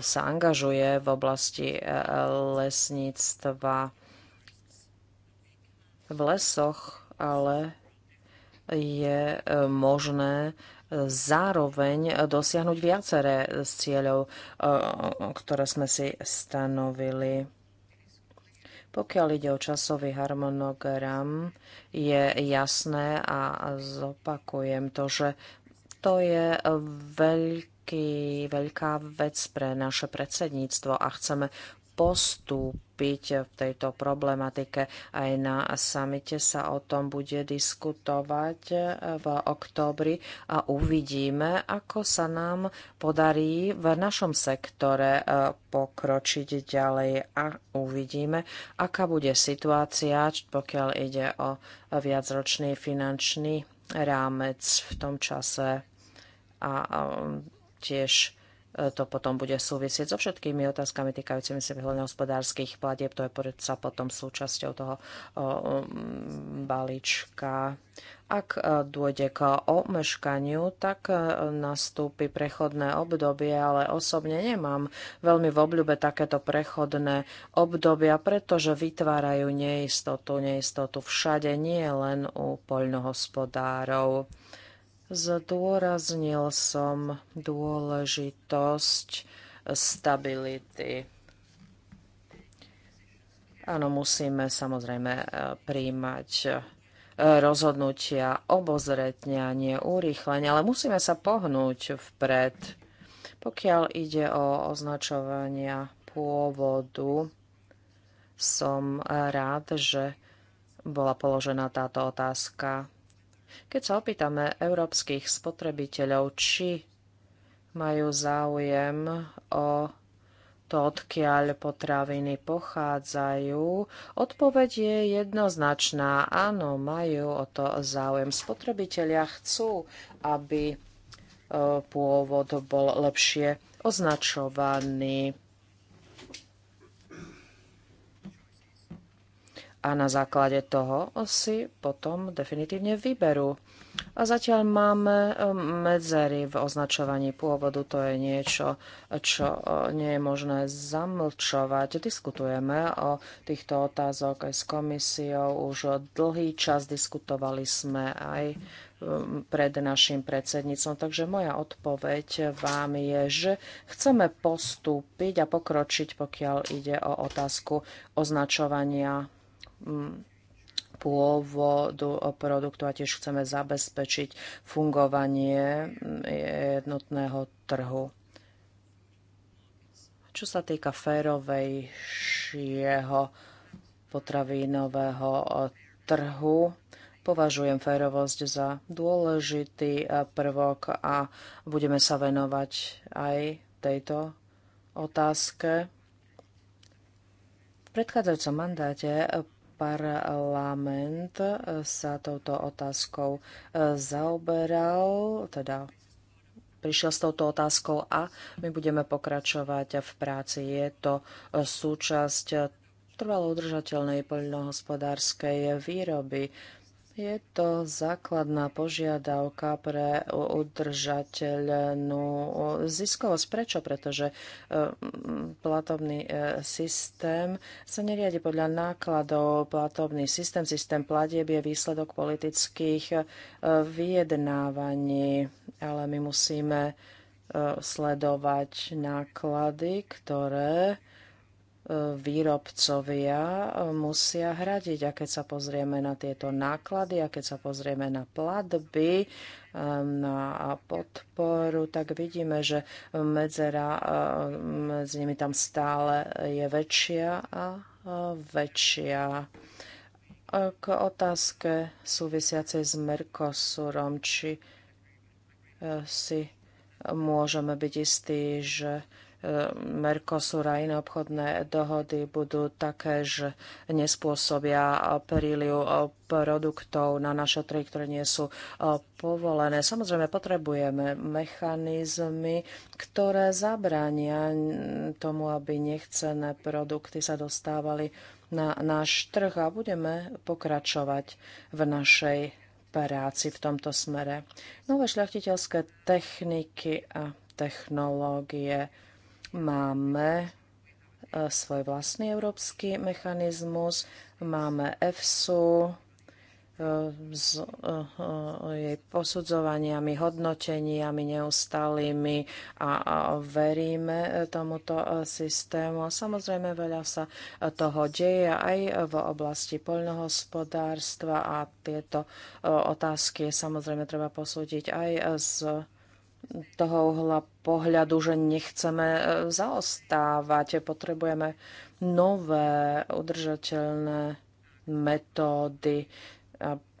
sa angažuje v oblasti lesníctva v lesoch, ale je e, možné e, zároveň dosiahnuť viaceré z cieľov, e, ktoré sme si stanovili. Pokiaľ ide o časový harmonogram, je jasné a zopakujem to, že to je veľký veľká vec pre naše predsedníctvo a chceme postúpiť v tejto problematike. Aj na samite sa o tom bude diskutovať v októbri a uvidíme, ako sa nám podarí v našom sektore e, pokročiť ďalej a uvidíme, aká bude situácia, pokiaľ ide o viacročný finančný rámec v tom čase a tiež E, to potom bude súvisieť so všetkými otázkami týkajúcimi sa hospodárskych platieb. To je predsa potom súčasťou toho balíčka. Ak e, dôjde k omeškaniu, tak e, nastúpi prechodné obdobie, ale osobne nemám veľmi v obľúbe takéto prechodné obdobia, pretože vytvárajú neistotu, neistotu všade, nie len u poľnohospodárov. Zdôraznil som dôležitosť stability. Áno, musíme samozrejme e, príjmať e, rozhodnutia obozretne a nie urýchlenie, ale musíme sa pohnúť vpred. Pokiaľ ide o označovania pôvodu, som rád, že bola položená táto otázka keď sa opýtame európskych spotrebiteľov, či majú záujem o to, odkiaľ potraviny pochádzajú, odpoveď je jednoznačná. Áno, majú o to záujem. Spotrebitelia chcú, aby e, pôvod bol lepšie označovaný. a na základe toho si potom definitívne vyberú. A zatiaľ máme eh, medzery v označovaní pôvodu, to je niečo, čo eh, nie je možné zamlčovať. Diskutujeme o týchto otázok aj s komisiou už dlhý čas, diskutovali sme aj eh, pred našim predsednícom. Takže moja odpoveď vám je, že chceme postúpiť a pokročiť, pokiaľ ide o otázku označovania Mm, pôvodu eh, produktu a tiež chceme zabezpečiť fungovanie mm, jednotného trhu. Čo sa týka férovejšieho potravinového eh, trhu, Považujem férovosť za dôležitý eh, prvok a budeme sa venovať aj tejto otázke. V predchádzajúcom mandáte parlament e, sa touto otázkou e, zaoberal, teda prišiel s touto otázkou a my budeme pokračovať v práci. Je to e, súčasť trvalo udržateľnej poľnohospodárskej výroby. Je to základná požiadavka pre udržateľnú ziskovosť. Prečo? Pretože e, platobný e, systém sa neriadi podľa nákladov. Platobný systém, systém platieb je výsledok politických e, vyjednávaní, ale my musíme sledovať náklady, ktoré výrobcovia e, musia hradiť. A keď sa pozrieme na tieto náklady a keď sa pozrieme na platby, e, na podporu, tak vidíme, že medzera e, medzi nimi tam stále je väčšia a väčšia. K otázke súvisiacej s Mercosurom, či si môžeme byť istí, že Mercosur a iné obchodné dohody budú také, že nespôsobia príliu produktov na naše trhy, ktoré nie sú e, povolené. Samozrejme, potrebujeme mechanizmy, ktoré zabránia tomu, aby nechcené produkty sa dostávali na náš trh a budeme pokračovať v našej práci v tomto smere. Nové šľachtiteľské techniky a technológie Máme e, svoj vlastný európsky mechanizmus, máme EFSU e, s e, jej posudzovaniami, hodnoteniami neustálými a veríme tomuto systému. Samozrejme, veľa sa toho deje aj v oblasti poľnohospodárstva a tieto otázky samozrejme treba posúdiť aj z toho uhla pohľadu, že nechceme e, zaostávať, potrebujeme nové udržateľné metódy,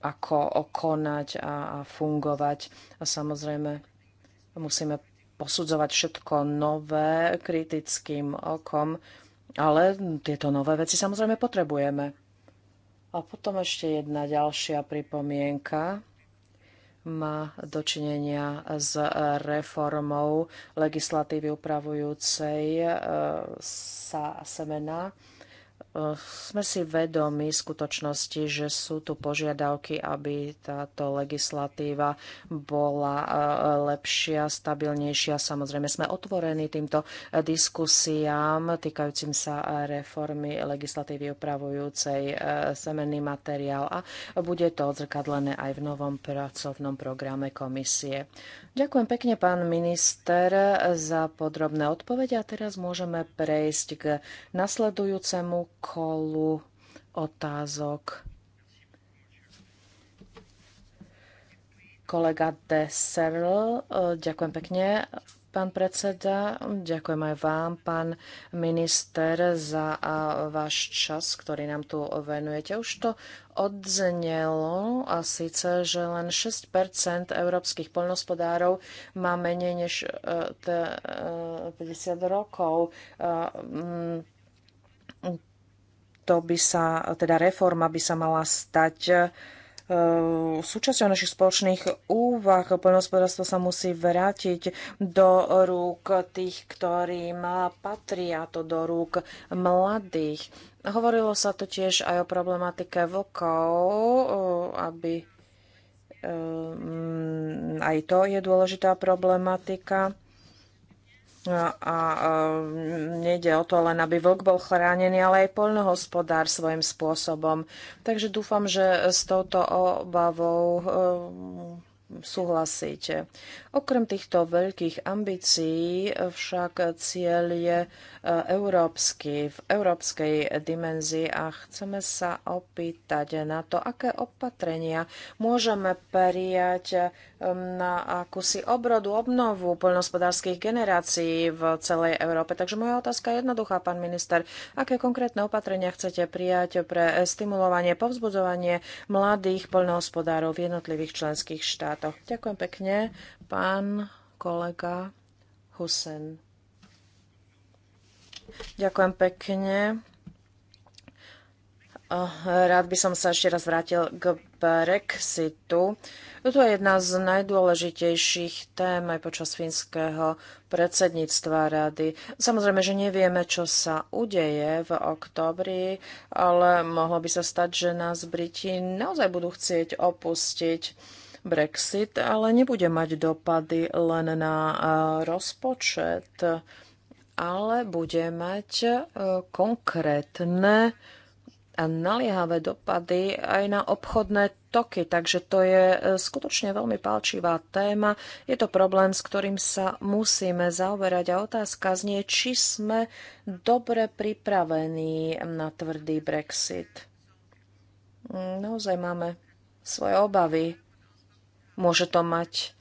ako okonať a fungovať. A samozrejme musíme posudzovať všetko nové kritickým okom, ale tieto nové veci samozrejme potrebujeme. A potom ešte jedna ďalšia pripomienka má dočinenia s reformou legislatívy upravujúcej eh, sa semena sme si vedomi skutočnosti, že sú tu požiadavky, aby táto legislatíva bola e, lepšia, stabilnejšia. Samozrejme, sme otvorení týmto diskusiám týkajúcim sa reformy legislatívy upravujúcej e, semenný materiál a bude to odzrkadlené aj v novom pracovnom programe komisie. Ďakujem pekne, pán minister, za podrobné odpovede a teraz môžeme prejsť k nasledujúcemu kolu otázok. Kolega de Serl, e, ďakujem pekne pán predseda. Ďakujem aj vám, pán minister, za váš čas, ktorý nám tu venujete. Už to odznelo a síce, že len 6 európskych poľnospodárov má menej než 50 e, e, rokov mm, to by sa, teda reforma by sa mala stať e, súčasťou našich spoločných úvah. Poľnohospodárstvo sa musí vrátiť do rúk tých, ktorým patrí, a to do rúk mladých. Hovorilo sa to tiež aj o problematike vlkov, e, aby e, aj to je dôležitá problematika a mm, nejde o to len, aby vlk bol chránený, ale aj poľnohospodár svojim spôsobom. Takže dúfam, že s touto obavou ehm, súhlasíte. Okrem týchto veľkých ambícií však cieľ je e, európsky, v európskej dimenzii a chceme sa opýtať na to, aké opatrenia môžeme prijať e, na akúsi obrodu, obnovu poľnohospodárskych generácií v celej Európe. Takže moja otázka je jednoduchá, pán minister. Aké konkrétne opatrenia chcete prijať pre stimulovanie, povzbudzovanie mladých poľnohospodárov v jednotlivých členských štátoch? Ďakujem pekne, pán Pán kolega Husen. Ďakujem pekne. Oh, rád by som sa ešte raz vrátil k Brexitu. To je jedna z najdôležitejších tém aj počas fínskeho predsedníctva rady. Samozrejme, že nevieme, čo sa udeje v oktobri, ale mohlo by sa stať, že nás Briti naozaj budú chcieť opustiť. Brexit ale nebude mať dopady len na eh, rozpočet, ale bude mať eh, konkrétne a naliehavé dopady aj na obchodné toky. Takže to je eh, skutočne veľmi palčivá téma. Je to problém, s ktorým sa musíme zaoberať a otázka znie, či sme dobre pripravení na tvrdý Brexit. Hm, naozaj máme svoje obavy Môže to mať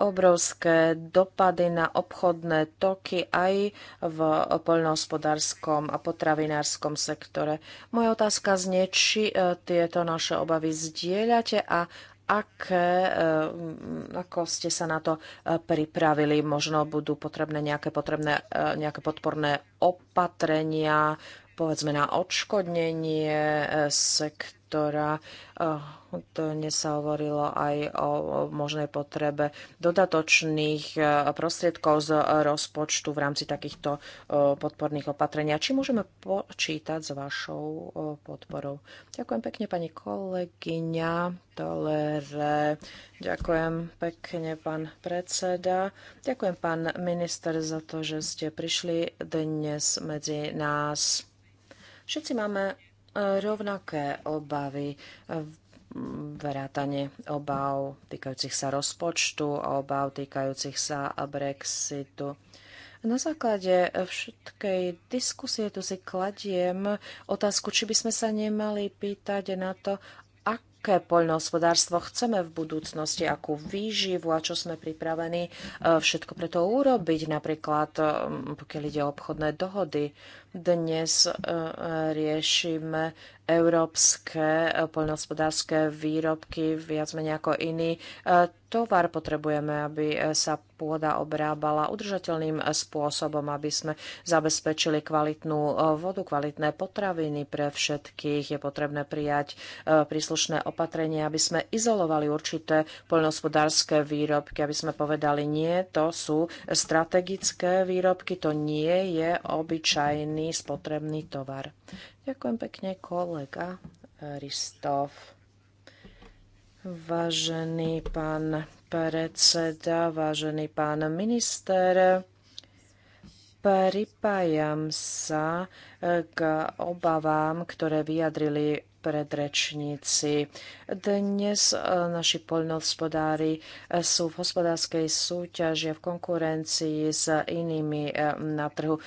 obrovské dopady na obchodné toky aj v poľnohospodárskom a potravinárskom sektore. Moja otázka znie, či e, tieto naše obavy zdieľate a aké, e, ako ste sa na to e, pripravili. Možno budú potrebné nejaké, potrebné, nejaké podporné opatrenia povedzme na odškodnenie e, sektora. E, dnes sa hovorilo aj o možnej potrebe dodatočných e, prostriedkov z rozpočtu v rámci takýchto podporných opatrenia. Či môžeme počítať s vašou podporou? Ďakujem pekne, pani kolegyňa Tolere. Ďakujem pekne, pán predseda. Ďakujem, pán minister, za to, že ste prišli dnes medzi nás. Všetci máme e, rovnaké obavy e, vrátane obav týkajúcich sa rozpočtu a obav týkajúcich sa Brexitu. Na základe všetkej diskusie tu si kladiem otázku, či by sme sa nemali pýtať na to, aké poľnohospodárstvo chceme v budúcnosti, akú výživu a čo sme pripravení e, všetko preto urobiť, napríklad pokiaľ ide o obchodné dohody. Dnes e, riešime európske e, poľnohospodárske výrobky viac menej ako iný e, tovar. Potrebujeme, aby sa pôda obrábala udržateľným spôsobom, aby sme zabezpečili kvalitnú vodu, kvalitné potraviny pre všetkých. Je potrebné prijať príslušné opatrenie, aby sme izolovali určité poľnohospodárske výrobky, aby sme povedali, nie, to sú strategické výrobky, to nie je obyčajný lacný spotrebný tovar. Ďakujem pekne kolega Ristov. Vážený pán predseda, vážený pán minister, pripájam sa k obavám, ktoré vyjadrili predrečníci. Dnes e, naši poľnohospodári e, sú v hospodárskej súťaži a v konkurencii s inými e, na trhu.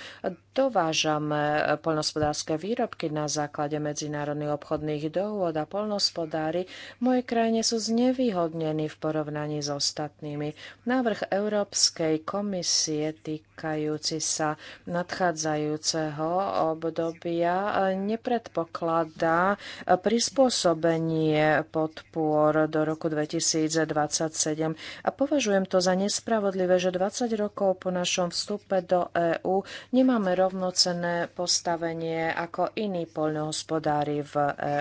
Dovážame poľnohospodárske výrobky na základe medzinárodných obchodných dohôd a poľnohospodári v mojej krajine sú znevýhodnení v porovnaní s ostatnými. Návrh Európskej komisie týkajúci sa nadchádzajúceho obdobia nepredpokladá prispôsobenie podpor do roku 2027. A považujem to za nespravodlivé, že 20 rokov po našom vstupe do EÚ nemáme rovnocené postavenie ako iní poľnohospodári v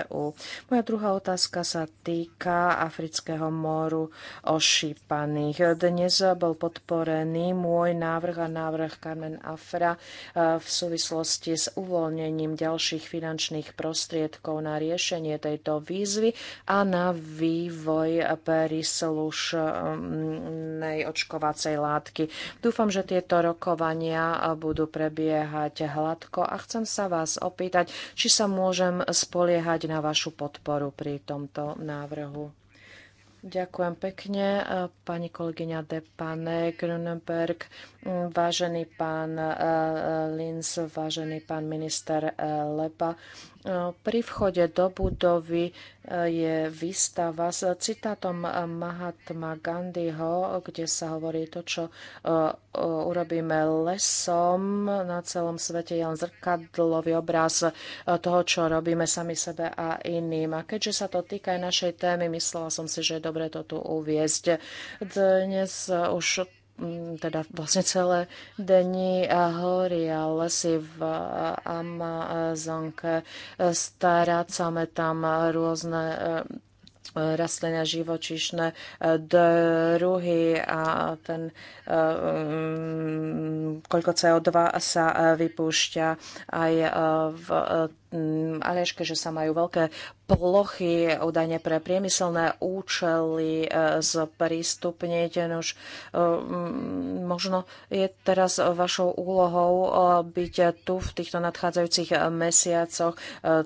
EÚ. Moja druhá otázka sa týka Afrického moru ošípaných. Dnes bol podporený môj návrh a návrh Carmen Afra e, v súvislosti s uvoľnením ďalších finančných prostriedkov na riešenie riešenie tejto výzvy a na vývoj príslušnej očkovacej látky. Dúfam, že tieto rokovania budú prebiehať hladko a chcem sa vás opýtať, či sa môžem spoliehať na vašu podporu pri tomto návrhu. Ďakujem pekne, pani kolegyňa de Pane Grunenberg, vážený pán eh, Linz, vážený pán minister eh, Lepa. Pri vchode do budovy eh, je výstava s citátom Mahatma Gandhiho, kde sa hovorí to, čo eh, urobíme lesom na celom svete, je len zrkadlový obraz eh, toho, čo robíme sami sebe a iným. A keďže sa to týka aj našej témy, myslela som si, že je dobre to tu uviezť. Dnes už Mm, teda vlastne celé dni a lesy v Amazonke. E, Starácame tam rôzne e, rastlina živočišné e, druhy a ten mm, koľko CO2 sa vypúšťa aj v Mm, Alieške, že sa majú veľké plochy údajne pre priemyselné účely zprístupniť e, Nož, e, mm, možno je teraz vašou úlohou e, byť tu v týchto nadchádzajúcich mesiacoch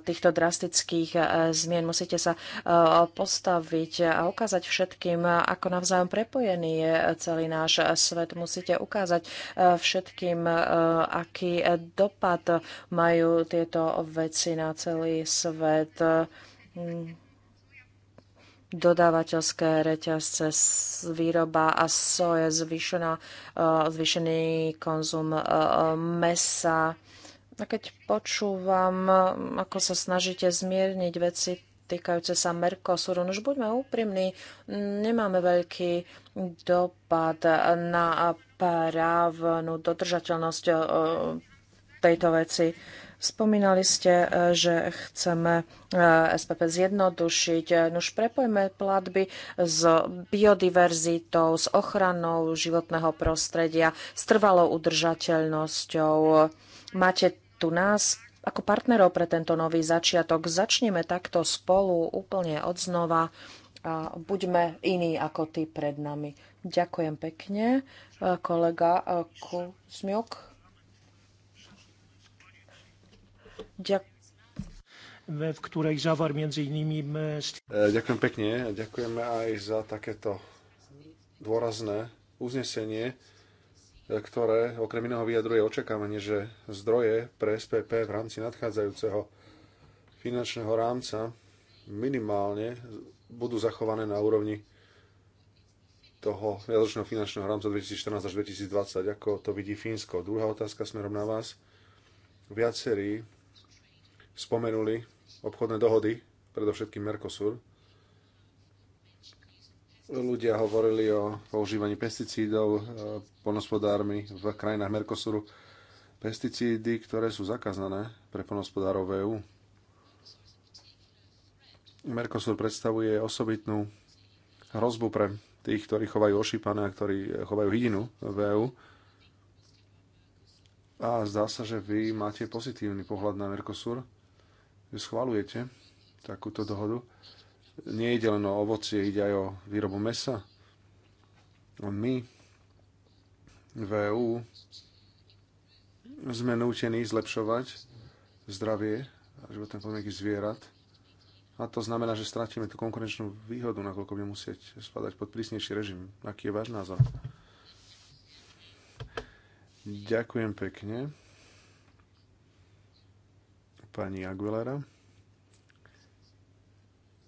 týchto drastických zmien. Musíte sa postaviť a ukázať všetkým, ako navzájom prepojený je celý náš svet. Musíte ukázať všetkým, aký dopad majú tieto veci veci na celý svet. Dodávateľské reťazce, výroba a soje, zvýšená, e, zvýšený konzum e, e, mesa. A keď počúvam, ako sa snažíte zmierniť veci týkajúce sa Mercosuru, no už buďme úprimní, nemáme veľký dopad na právnu dodržateľnosť tejto veci. Spomínali ste, e, že chceme e, SPP zjednodušiť. E, nuž prepojme platby s biodiverzitou, s ochranou životného prostredia, s trvalou udržateľnosťou. Máte tu nás ako partnerov pre tento nový začiatok. Začneme takto spolu úplne od znova a buďme iní ako ty pred nami. Ďakujem pekne, kolega Kuzmiuk. Ďakujem v ktorej medzi inými... E, ďakujem pekne, ďakujeme aj za takéto dôrazné uznesenie, e, ktoré okrem iného vyjadruje očakávanie, že zdroje pre SPP v rámci nadchádzajúceho finančného rámca minimálne budú zachované na úrovni toho viadočného finančného rámca 2014 až 2020, ako to vidí Fínsko. Druhá otázka smerom na vás. Viacerí spomenuli obchodné dohody, predovšetkým Mercosur. Ľudia hovorili o používaní pesticídov e, ponospodármi v krajinách Mercosuru. Pesticídy, ktoré sú zakázané pre ponospodárov v EU. Mercosur predstavuje osobitnú hrozbu pre tých, ktorí chovajú ošípané a ktorí chovajú hydinu v EU. A zdá sa, že vy máte pozitívny pohľad na Mercosur schvalujete takúto dohodu. Nie ide len o ovocie, ide aj o výrobu mesa. My v EU sme nútení zlepšovať zdravie a životné podmienky zvierat. A to znamená, že stratíme tú konkurenčnú výhodu, nakoľko budeme musieť spadať pod prísnejší režim. Aký je váš názor? Ďakujem pekne pani Aguilera.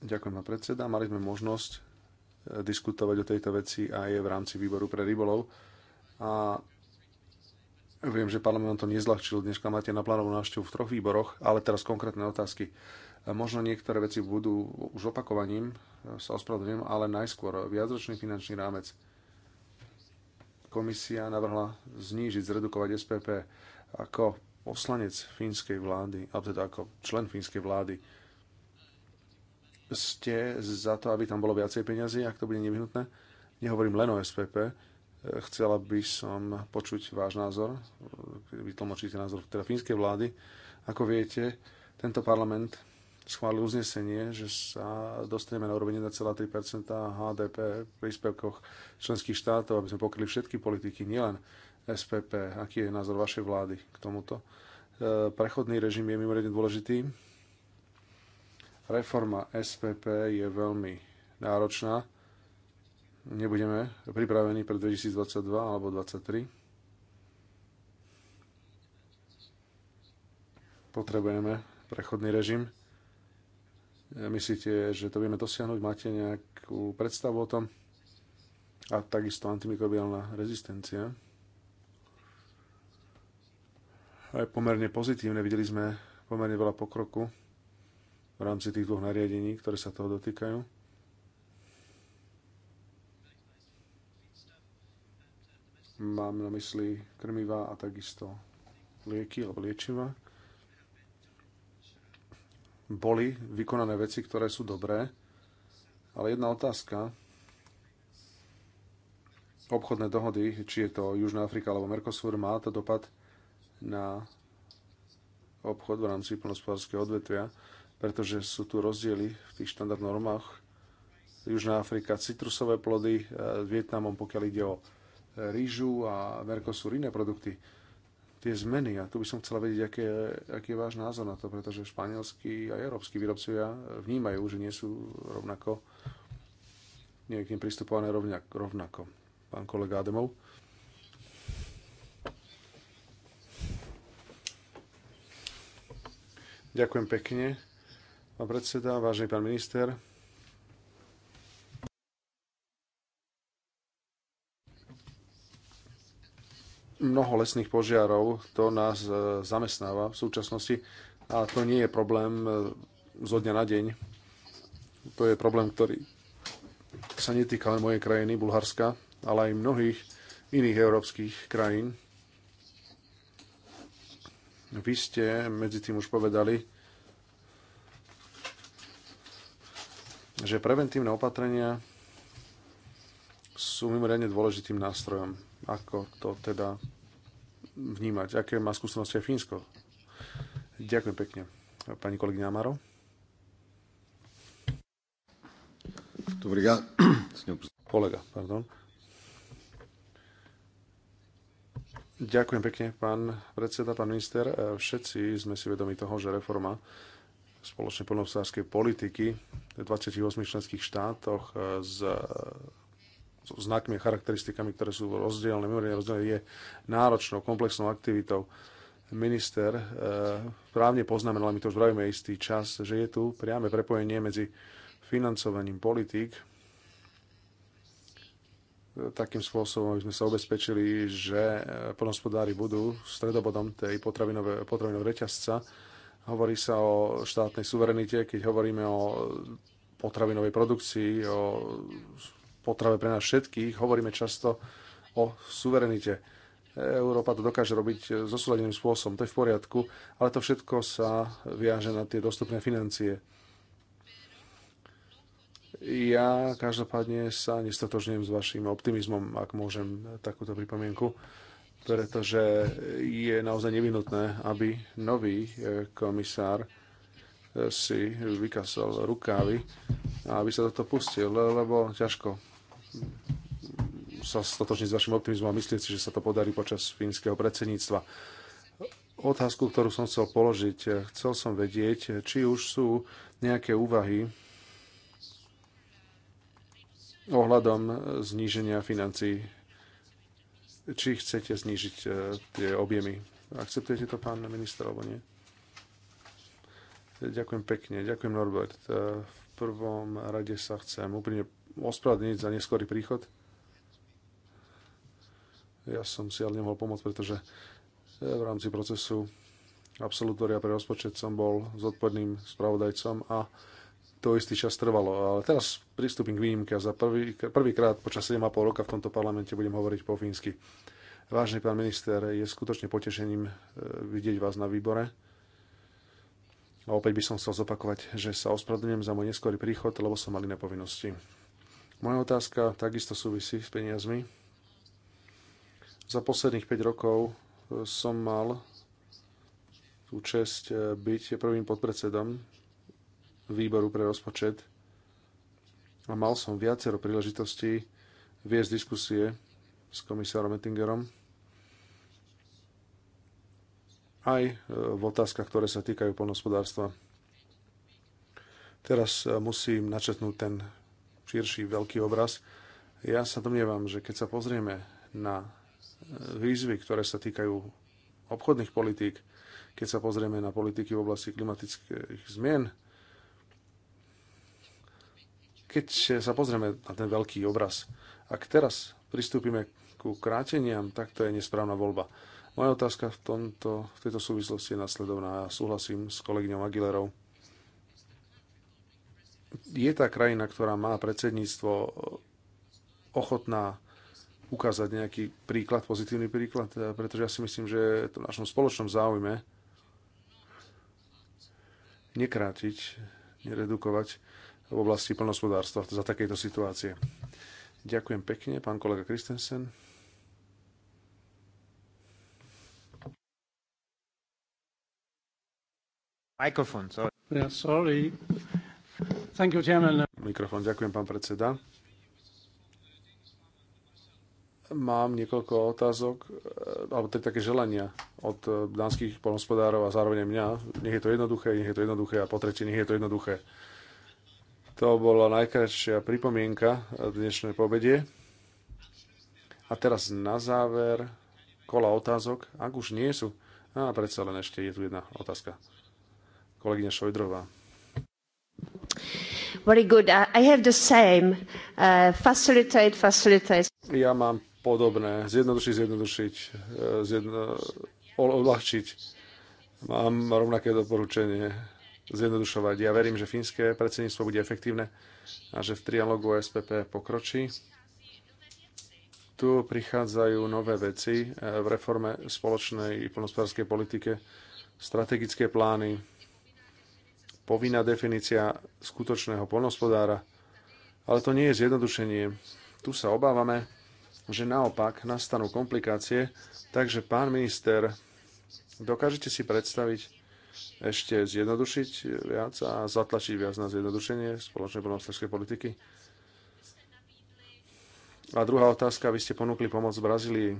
Ďakujem, pán predseda. Mali sme možnosť eh, diskutovať o tejto veci aj v rámci výboru pre rybolov. A viem, že parlament to nezľahčil. Dneska máte na plánovú návštevu v troch výboroch, ale teraz konkrétne otázky. Eh, možno niektoré veci budú už opakovaním, eh, sa ospravedlňujem, ale najskôr viacročný finančný rámec. Komisia navrhla znížiť, zredukovať SPP. Ako poslanec fínskej vlády, alebo teda ako člen fínskej vlády, ste za to, aby tam bolo viacej peňazí, ak to bude nevyhnutné? Nehovorím len o SPP, e, chcela by som počuť váš názor, e, vytlmočíte názor teda fínskej vlády. Ako viete, tento parlament schválil uznesenie, že sa dostaneme na úroveň 1,3 HDP v príspevkoch členských štátov, aby sme pokryli všetky politiky, nielen SPP. Aký je názor vašej vlády k tomuto? E, prechodný režim je mimoriadne dôležitý. Reforma SPP je veľmi náročná. Nebudeme pripravení pre 2022 alebo 2023. potrebujeme prechodný režim. E, myslíte, že to vieme dosiahnuť? Máte nejakú predstavu o tom? A takisto antimikrobiálna rezistencia aj pomerne pozitívne. Videli sme pomerne veľa pokroku v rámci tých dvoch nariadení, ktoré sa toho dotýkajú. Mám na mysli krmivá a takisto lieky alebo liečiva. Boli vykonané veci, ktoré sú dobré, ale jedna otázka. Obchodné dohody, či je to Južná Afrika alebo Mercosur, má to dopad na obchod v rámci plnospodárskeho odvetvia, pretože sú tu rozdiely v tých štandard normách. Južná Afrika, citrusové plody, e, Vietnamom, pokiaľ ide o e, rýžu a Mercosur, iné produkty. Tie zmeny, a tu by som chcela vedieť, aké, aký je váš názor na to, pretože španielskí a európsky výrobcovia vnímajú, že nie sú rovnako, nie k pristupované rovnako. Pán kolega Ademov. Ďakujem pekne, pán predseda, vážny pán minister. Mnoho lesných požiarov, to nás e, zamestnáva v súčasnosti a to nie je problém e, zo dňa na deň. To je problém, ktorý sa netýka len mojej krajiny, Bulharska, ale aj mnohých iných európskych krajín. Vy ste medzi tým už povedali, že preventívne opatrenia sú mimoriadne dôležitým nástrojom. Ako to teda vnímať? Aké má skúsenosti aj Fínsko? Ďakujem pekne. Pani kolegyňa Amaro. Kolega, pardon. Ďakujem pekne, pán predseda, pán minister. E, všetci sme si vedomi toho, že reforma spoločnej poľnohospodárskej politiky v 28 členských štátoch e, s e, znakmi a charakteristikami, ktoré sú rozdielne, mimoriadne rozdielne, je náročnou, komplexnou aktivitou. Minister právne poznamenal, my to už vravíme istý čas, že je tu priame prepojenie medzi financovaním politík takým spôsobom, aby sme sa obezpečili, že eh, plnospodári budú stredobodom tej potravinového reťazca. Hovorí sa o štátnej suverenite, keď hovoríme o potravinovej produkcii, o potrave pre nás všetkých, hovoríme často o suverenite. Európa to dokáže robiť eh, zosúladeným spôsobom, to je v poriadku, ale to všetko sa viaže na tie dostupné financie ja každopádne sa nestotožňujem s vašim optimizmom, ak môžem takúto pripomienku, pretože je naozaj nevinutné, aby nový e, komisár e, si vykasol rukávy a aby sa do toho pustil, lebo ťažko sa stotočniť s vašim optimizmom a myslieť si, že sa to podarí počas fínskeho predsedníctva. Otázku, ktorú som chcel položiť, e, chcel som vedieť, či už sú nejaké úvahy ohľadom eh, zníženia financií. Či chcete znížiť eh, tie objemy. Akceptujete to, pán minister, alebo nie? Ďakujem pekne. Ďakujem, Norbert. Eh, v prvom rade sa chcem úplne ospravedlniť za neskorý príchod. Ja som si ale nemohol pomôcť, pretože v rámci procesu absolutória pre rozpočet som bol zodpovedným spravodajcom a to istý čas trvalo. Ale teraz pristúpim k výnimke a za prvý, prvýkrát počas 7,5 roka v tomto parlamente budem hovoriť po fínsky. Vážny pán minister, je skutočne potešením e, vidieť vás na výbore. A opäť by som chcel zopakovať, že sa ospravedlňujem za môj neskorý príchod, lebo som mal iné povinnosti. Moja otázka takisto súvisí s peniazmi. Za posledných 5 rokov e, som mal tú čest e, byť prvým podpredsedom výboru pre rozpočet a mal som viacero príležitostí viesť diskusie s komisárom Ettingerom aj e, v otázkach, ktoré sa týkajú poľnohospodárstva. Teraz e, musím načetnúť ten širší veľký obraz. Ja sa domnievam, že keď sa pozrieme na e, výzvy, ktoré sa týkajú obchodných politík, keď sa pozrieme na politiky v oblasti klimatických zmien, keď sa pozrieme na ten veľký obraz, ak teraz pristúpime ku kráteniam, tak to je nesprávna voľba. Moja otázka v, tomto, v tejto súvislosti je nasledovná. Ja súhlasím s kolegyňou Aguilerou. Je tá krajina, ktorá má predsedníctvo, ochotná ukázať nejaký príklad, pozitívny príklad, e, pretože ja si myslím, že je to v našom spoločnom záujme nekrátiť, neredukovať v oblasti plnospodárstva za takejto situácie. Ďakujem pekne, pán kolega Kristensen. Mikrofón, sorry. Yeah, sorry. Thank you, chairman. Mikrofón, ďakujem, pán predseda. Mám niekoľko otázok, eh, alebo teda také želania od eh, dánskych polnospodárov a zároveň mňa. Nech je to jednoduché, nech je to jednoduché a po tretie, nech je to jednoduché. To bola najkračšia pripomienka dnešnej pobedie. A teraz na záver kola otázok, ak už nie sú. A predsa len ešte je tu jedna otázka. Kolegyňa Šojdrová. Very good. I have the same. Uh, facilitate, facilitate. Ja mám podobné. Zjednodušiť, zjednodušiť, uh, zjedno, Mám rovnaké doporučenie zjednodušovať. Ja verím, že fínske predsedníctvo bude efektívne a že v trialogu SPP pokročí. Tu prichádzajú nové veci e, v reforme spoločnej plnospodárskej politike, strategické plány, povinná definícia skutočného polnospodára. Ale to nie je zjednodušenie. Tu sa obávame, že naopak nastanú komplikácie, takže pán minister, dokážete si predstaviť, ešte zjednodušiť viac a zatlačiť viac na zjednodušenie spoločnej poľnohospodárskej politiky? A druhá otázka, vy ste ponúkli pomoc v Brazílii.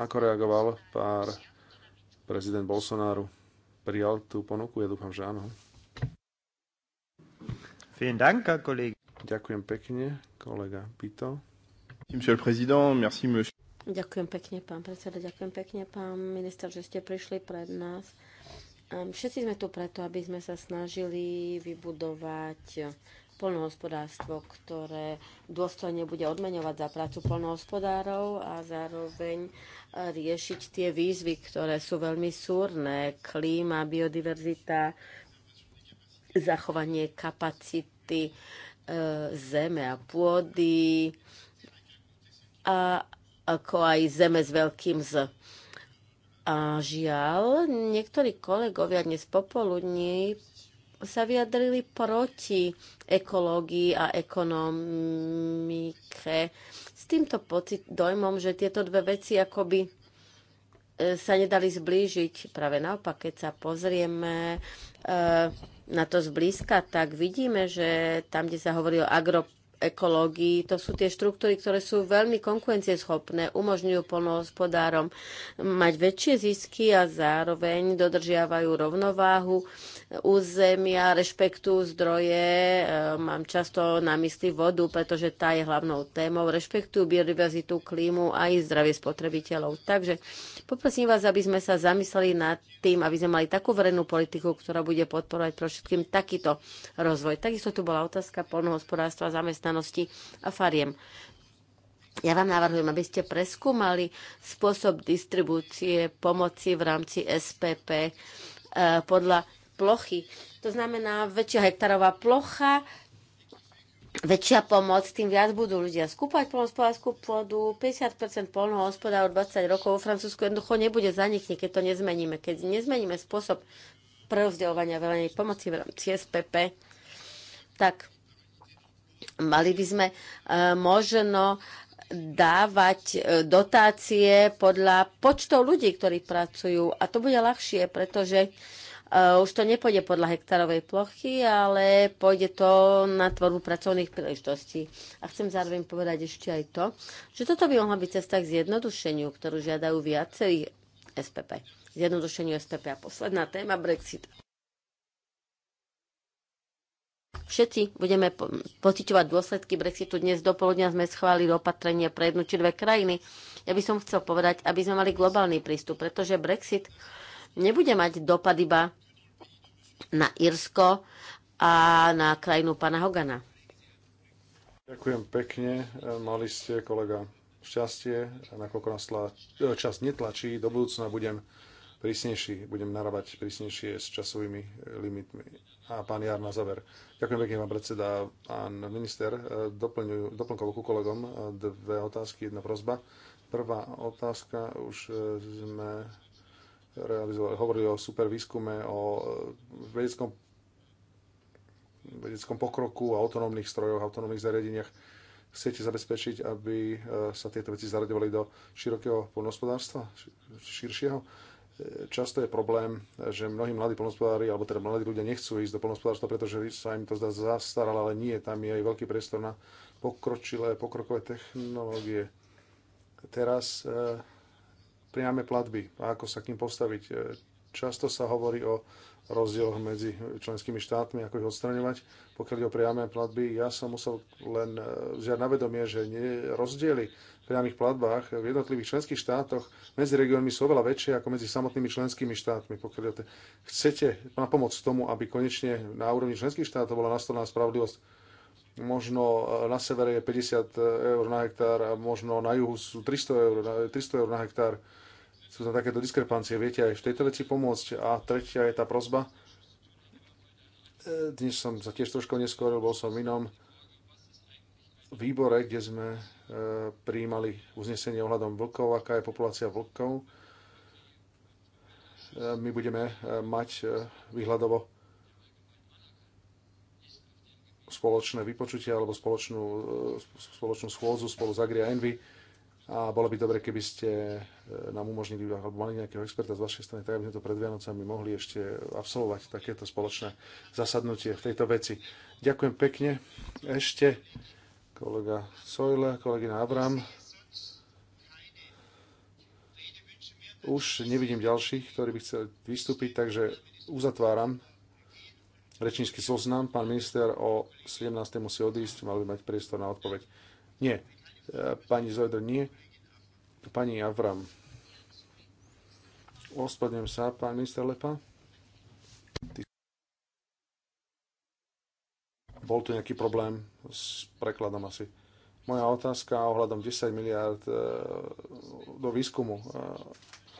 Ako reagoval pár prezident Bolsonaro? Prijal tú ponuku? Ja dúfam, že áno. Ďakujem pekne, kolega Pito. Ďakujem pekne, pán predseda, ďakujem pekne, pán minister, že ste prišli pred nás. Všetci sme tu preto, aby sme sa snažili vybudovať polnohospodárstvo, ktoré dôstojne bude odmeňovať za prácu polnohospodárov a zároveň e, riešiť tie výzvy, ktoré sú veľmi súrne. Klíma, biodiverzita, zachovanie kapacity e, zeme a pôdy a ako aj zeme s veľkým z a žiaľ, niektorí kolegovia dnes popoludní sa vyjadrili proti ekológii a ekonomike s týmto pocit, dojmom, že tieto dve veci akoby e, sa nedali zblížiť. Práve naopak, keď sa pozrieme e, na to zblízka, tak vidíme, že tam, kde sa hovorí o agro ekológii. To sú tie štruktúry, ktoré sú veľmi konkurencieschopné, umožňujú polnohospodárom mať väčšie zisky a zároveň dodržiavajú rovnováhu územia rešpektujú zdroje, e, mám často na mysli vodu, pretože tá je hlavnou témou, rešpektujú biodiverzitu, klímu a aj zdravie spotrebiteľov. Takže poprosím vás, aby sme sa zamysleli nad tým, aby sme mali takú verejnú politiku, ktorá bude podporovať pro všetkým takýto rozvoj. Takisto tu bola otázka polnohospodárstva, zamestnanosti a fariem. Ja vám navrhujem, aby ste preskúmali spôsob distribúcie pomoci v rámci SPP e, podľa plochy. To znamená väčšia hektarová plocha, väčšia pomoc, tým viac budú ľudia skúpať polnohospodárskú pôdu. 50% polnohospodárov 20 rokov vo Francúzsku jednoducho nebude zanikne, keď to nezmeníme. Keď nezmeníme spôsob prerozdeľovania veľnej pomoci v rámci SPP, tak mali by sme e, možno dávať e, dotácie podľa počtov ľudí, ktorí pracujú. A to bude ľahšie, pretože Eh, už to nepôjde podľa hektarovej plochy, ale pôjde to na tvorbu pracovných príležitostí. A chcem zároveň povedať ešte aj to, že toto by mohla byť cesta k zjednodušeniu, ktorú žiadajú viacerí SPP. Zjednodušeniu SPP a posledná téma Brexit všetci budeme pociťovať dôsledky Brexitu. Dnes do poludnia sme schválili opatrenie pre jednu či dve krajiny. Ja by som chcel povedať, aby sme mali globálny prístup, pretože Brexit nebude mať dopad iba na Irsko a na krajinu pana Hogana. Ďakujem pekne. Mali ste, kolega, šťastie, nakoľko nás čas netlačí. Do budúcna budem prísnejší, budem narábať prísnejšie s časovými limitmi. A pán Jar na záver. Ďakujem pekne, pán predseda. Pán minister, Doplňujem ku kolegom dve otázky, jedna prozba. Prvá otázka, už sme realizovali, hovorili o super výskume, o e, vedeckom, vedeckom pokroku, o autonómnych strojoch, autonómnych zariadeniach. Chcete zabezpečiť, aby e, sa tieto veci zaradovali do širokého poľnohospodárstva, širšieho? E, často je problém, že mnohí mladí poľnohospodári, alebo teda mladí ľudia nechcú ísť do poľnohospodárstva, pretože sa im to zdá zastaralo ale nie, tam je aj veľký priestor na pokročilé, pokrokové technológie. Teraz priame platby a ako sa k ním postaviť. E, Často sa hovorí o rozdieloch medzi členskými štátmi, ako ich odstraňovať. Pokiaľ ide o priame platby, ja som musel len e, vziať na vedomie, že nie rozdiely v priamých platbách v jednotlivých členských štátoch medzi regiónmi sú oveľa väčšie ako medzi samotnými členskými štátmi. Pokiaľ ide o chcete na pomoc tomu, aby konečne na úrovni členských štátov bola nastolená spravodlivosť, možno e, na severe je 50 eur na hektár a možno na juhu sú 300 eur, 300 eur na hektár sú tam takéto diskrepancie. Viete aj v tejto veci pomôcť. A tretia je tá prozba. E, dnes som sa tiež trošku neskoril, bol som v inom výbore, kde sme e, prijímali uznesenie ohľadom vlkov, aká je populácia vlkov. E, my budeme mať výhľadovo spoločné vypočutie alebo spoločnú, spoločnú schôdzu spolu s Agria Envy a bolo by dobre, keby ste e, nám umožnili, alebo mali nejakého experta z vašej strany, tak aby sme to pred Vianocami mohli ešte absolvovať takéto spoločné zasadnutie v tejto veci. Ďakujem pekne. Ešte kolega Sojle, kolegyna Abram. Už nevidím ďalších, ktorí by chceli vystúpiť, takže uzatváram rečnícky zoznam. Pán minister o 17. musí odísť, mal by mať priestor na odpoveď. Nie, Pani Zojda, nie. Pani Avram. Ospadnem sa, pán minister Lepa. Ty... Bol tu nejaký problém s prekladom asi. Moja otázka ohľadom 10 miliard e, do výskumu. E,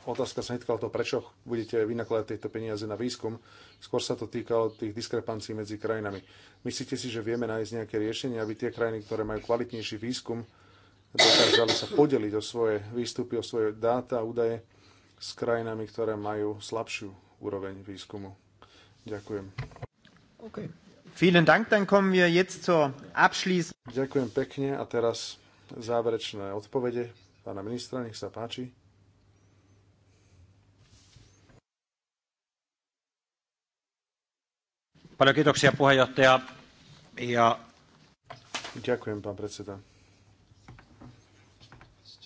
otázka sa netýkala toho, prečo budete vynakladať tieto peniaze na výskum. Skôr sa to týkalo tých diskrepancií medzi krajinami. Myslíte si, že vieme nájsť nejaké riešenie, aby tie krajiny, ktoré majú kvalitnejší výskum, dokázali sa podeliť o svoje výstupy, o svoje dáta a údaje s krajinami, ktoré majú slabšiu úroveň výskumu. Ďakujem. Okay. Vielen Dank, dann kommen wir jetzt zur abschließenden. Ďakujem pekne a teraz záverečné odpovede pána ministra, nech sa páči. Paljon kiitoksia puheenjohtaja. Ja... Ďakujem, pán predseda.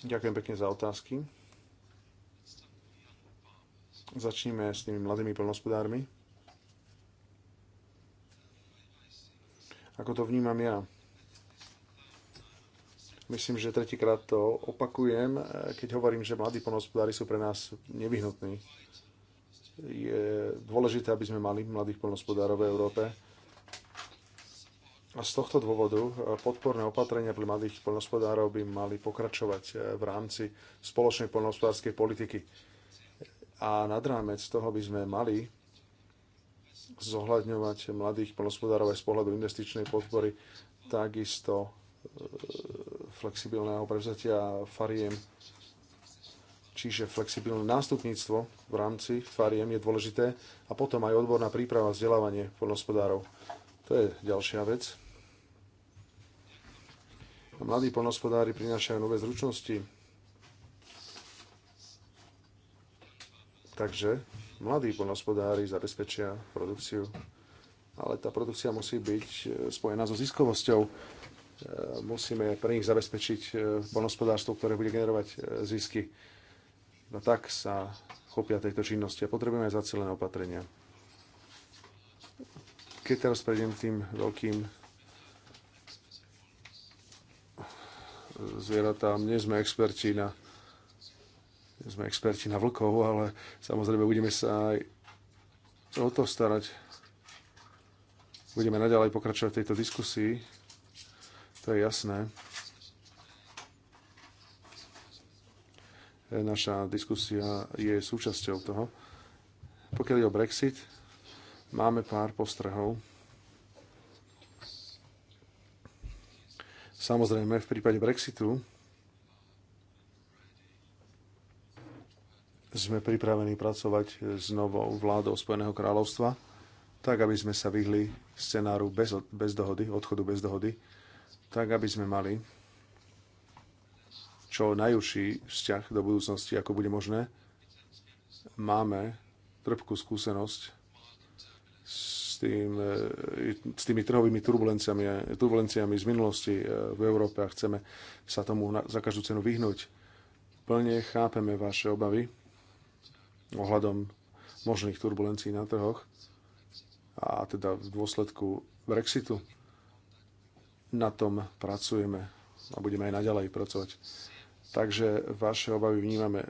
Ďakujem pekne za otázky. Začníme s tými mladými plnospodármi. Ako to vnímam ja? Myslím, že tretíkrát to opakujem, keď hovorím, že mladí plnospodári sú pre nás nevyhnutní. Je dôležité, aby sme mali mladých plnospodárov v Európe a Z tohto dôvodu e, podporné opatrenia pre mladých poľnohospodárov by mali pokračovať e, v rámci spoločnej poľnohospodárskej politiky. A nad rámec toho by sme mali zohľadňovať mladých poľnohospodárov aj z pohľadu investičnej podpory, takisto e, flexibilného prevzatia fariem, čiže flexibilné nástupníctvo v rámci fariem je dôležité a potom aj odborná príprava a vzdelávanie poľnohospodárov. To je ďalšia vec. Mladí polnospodári prinášajú nové zručnosti. Takže mladí polnospodári zabezpečia produkciu, ale tá produkcia musí byť e, spojená so ziskovosťou. E, musíme pre nich zabezpečiť e, polnospodárstvo, ktoré bude generovať zisky. No tak sa chopia tejto činnosti a potrebujeme aj zacelené opatrenia. Keď teraz prejdem tým veľkým zvieratá. Nie sme experti na, nie sme experti na vlkov, ale samozrejme budeme sa aj o to starať. Budeme naďalej pokračovať v tejto diskusii. To je jasné. Naša diskusia je súčasťou toho. Pokiaľ je o Brexit, máme pár postrehov. Samozrejme, v prípade Brexitu sme pripravení pracovať s novou vládou Spojeného kráľovstva, tak aby sme sa vyhli scenáru bez, bez dohody, odchodu bez dohody, tak aby sme mali čo najúžší vzťah do budúcnosti, ako bude možné. Máme trpkú skúsenosť s s, tým, e, s tými trhovými turbulenciami, e, turbulenciami z minulosti e, v Európe a chceme sa tomu za každú cenu vyhnúť. Plne chápeme vaše obavy ohľadom možných turbulencií na trhoch a teda v dôsledku Brexitu. Na tom pracujeme a budeme aj naďalej pracovať. Takže vaše obavy vnímame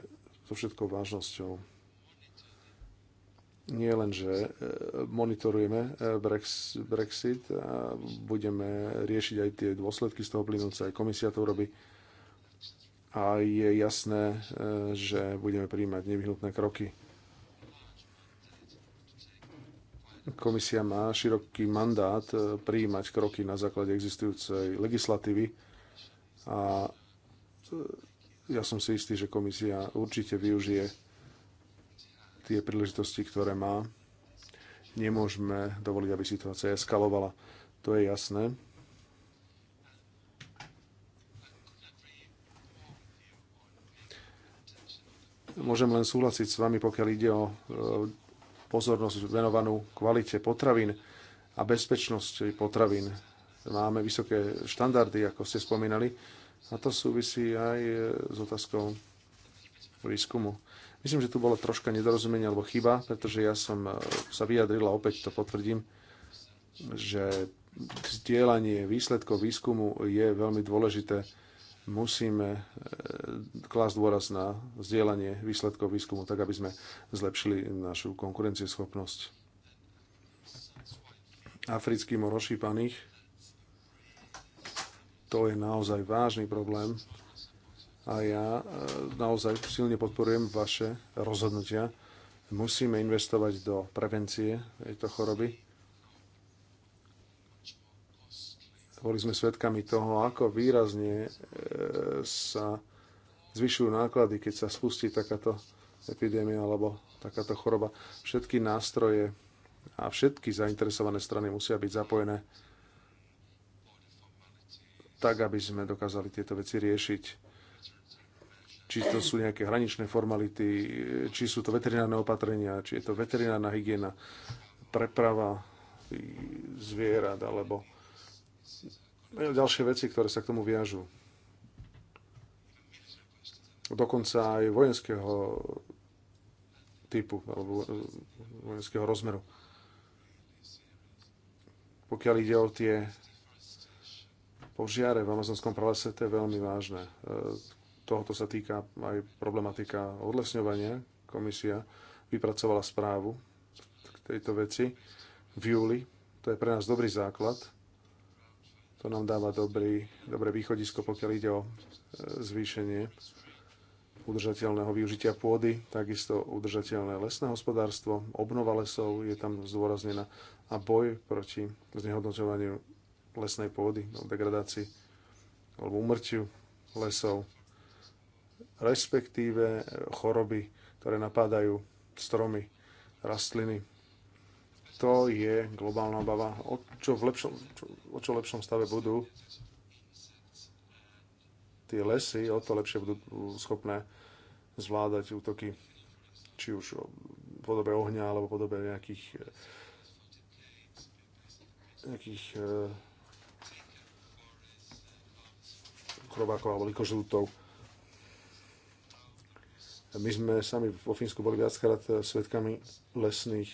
so všetkou vážnosťou nie len, že e, monitorujeme e, Brexit a budeme riešiť aj tie dôsledky z toho plynúce, aj komisia to robí. A je jasné, e, že budeme príjmať nevyhnutné kroky. Komisia má široký mandát prijímať kroky na základe existujúcej legislatívy a ja som si istý, že komisia určite využije tie príležitosti, ktoré má. Nemôžeme dovoliť, aby situácia eskalovala. To je jasné. Môžem len súhlasiť s vami, pokiaľ ide o e, pozornosť venovanú kvalite potravín a bezpečnosť potravín. Máme vysoké štandardy, ako ste spomínali, a to súvisí aj e, s otázkou výskumu. Myslím, že tu bolo troška nedorozumenie alebo chyba, pretože ja som e, sa vyjadril a opäť to potvrdím, že vzdielanie výsledkov výskumu je veľmi dôležité. Musíme e, klásť dôraz na vzdielanie výsledkov výskumu, tak aby sme zlepšili našu konkurencieschopnosť. Africký mor ošípaných, to je naozaj vážny problém a ja e, naozaj silne podporujem vaše rozhodnutia. Musíme investovať do prevencie tejto choroby. Boli sme svedkami toho, ako výrazne e, sa zvyšujú náklady, keď sa spustí takáto epidémia alebo takáto choroba. Všetky nástroje a všetky zainteresované strany musia byť zapojené tak, aby sme dokázali tieto veci riešiť či to sú nejaké hraničné formality, či sú to veterinárne opatrenia, či je to veterinárna hygiena, preprava zvierat alebo ďalšie veci, ktoré sa k tomu viažú. Dokonca aj vojenského typu alebo vojenského rozmeru. Pokiaľ ide o tie požiare v amazonskom pralese, to je veľmi vážne. E, tohoto sa týka aj problematika odlesňovania. Komisia vypracovala správu k tejto veci v júli. To je pre nás dobrý základ. To nám dáva dobrý, dobré východisko, pokiaľ ide o e, zvýšenie udržateľného využitia pôdy, takisto udržateľné lesné hospodárstvo, obnova lesov je tam zdôraznená a boj proti znehodnoťovaniu lesnej pôdy, no, degradácii alebo umrtiu lesov respektíve eh, choroby, ktoré napádajú stromy, rastliny. To je globálna obava. O čo, v lepšom, čo, o čo lepšom stave budú tie lesy, o to lepšie budú schopné zvládať útoky, či už v podobe ohňa alebo v podobe nejakých, eh, nejakých eh, krobákov alebo likožlútov. My sme sami vo Fínsku boli viackrát svetkami lesných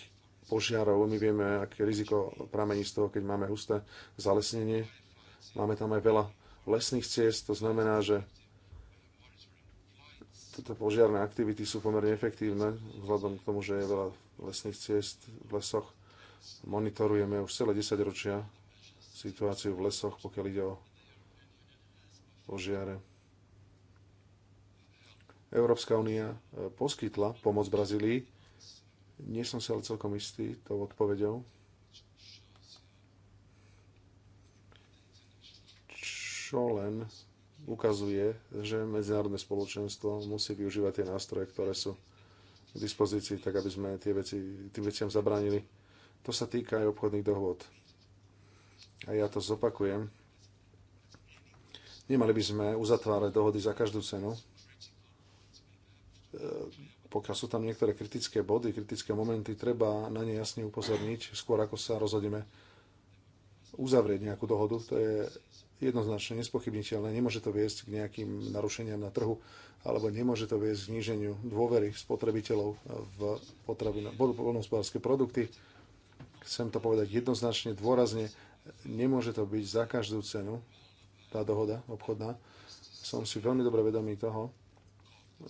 požiarov. My vieme, aké riziko pramení z toho, keď máme husté zalesnenie. Máme tam aj veľa lesných ciest, to znamená, že tieto požiarné aktivity sú pomerne efektívne, vzhľadom k tomu, že je veľa lesných ciest v lesoch. Monitorujeme už celé 10 ročia situáciu v lesoch, pokiaľ ide o požiare Európska únia e, poskytla pomoc Brazílii. Nie som si ale celkom istý tou odpoveďou. Čo len ukazuje, že medzinárodné spoločenstvo musí využívať tie nástroje, ktoré sú k dispozícii, tak aby sme tie veci, tým veciam zabránili. To sa týka aj obchodných dohôd. A ja to zopakujem. Nemali by sme uzatvárať dohody za každú cenu pokiaľ sú tam niektoré kritické body, kritické momenty, treba na ne jasne upozorniť, skôr ako sa rozhodneme uzavrieť nejakú dohodu. To je jednoznačne nespochybniteľné. Nemôže to viesť k nejakým narušeniam na trhu, alebo nemôže to viesť k zníženiu dôvery spotrebiteľov v poľnohospodárske produkty. Chcem to povedať jednoznačne, dôrazne. Nemôže to byť za každú cenu tá dohoda obchodná. Som si veľmi dobre vedomý toho,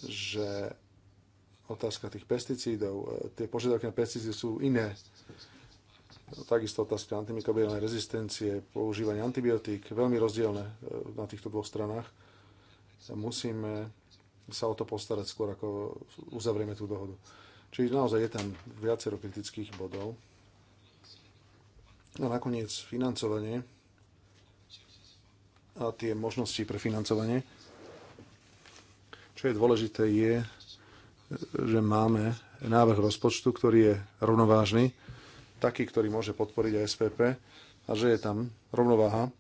že otázka tých pesticídov, e, tie požiadavky na pesticídy sú iné. Takisto otázka antimikrobiálnej rezistencie, používanie antibiotík, veľmi rozdielne e, na týchto dvoch stranách. Musíme sa o to postarať skôr, ako uzavrieme tú dohodu. Čiže naozaj je tam viacero kritických bodov. No a nakoniec financovanie a tie možnosti pre financovanie čo je dôležité je, že máme návrh rozpočtu, ktorý je rovnovážny, taký, ktorý môže podporiť aj SPP a že je tam rovnováha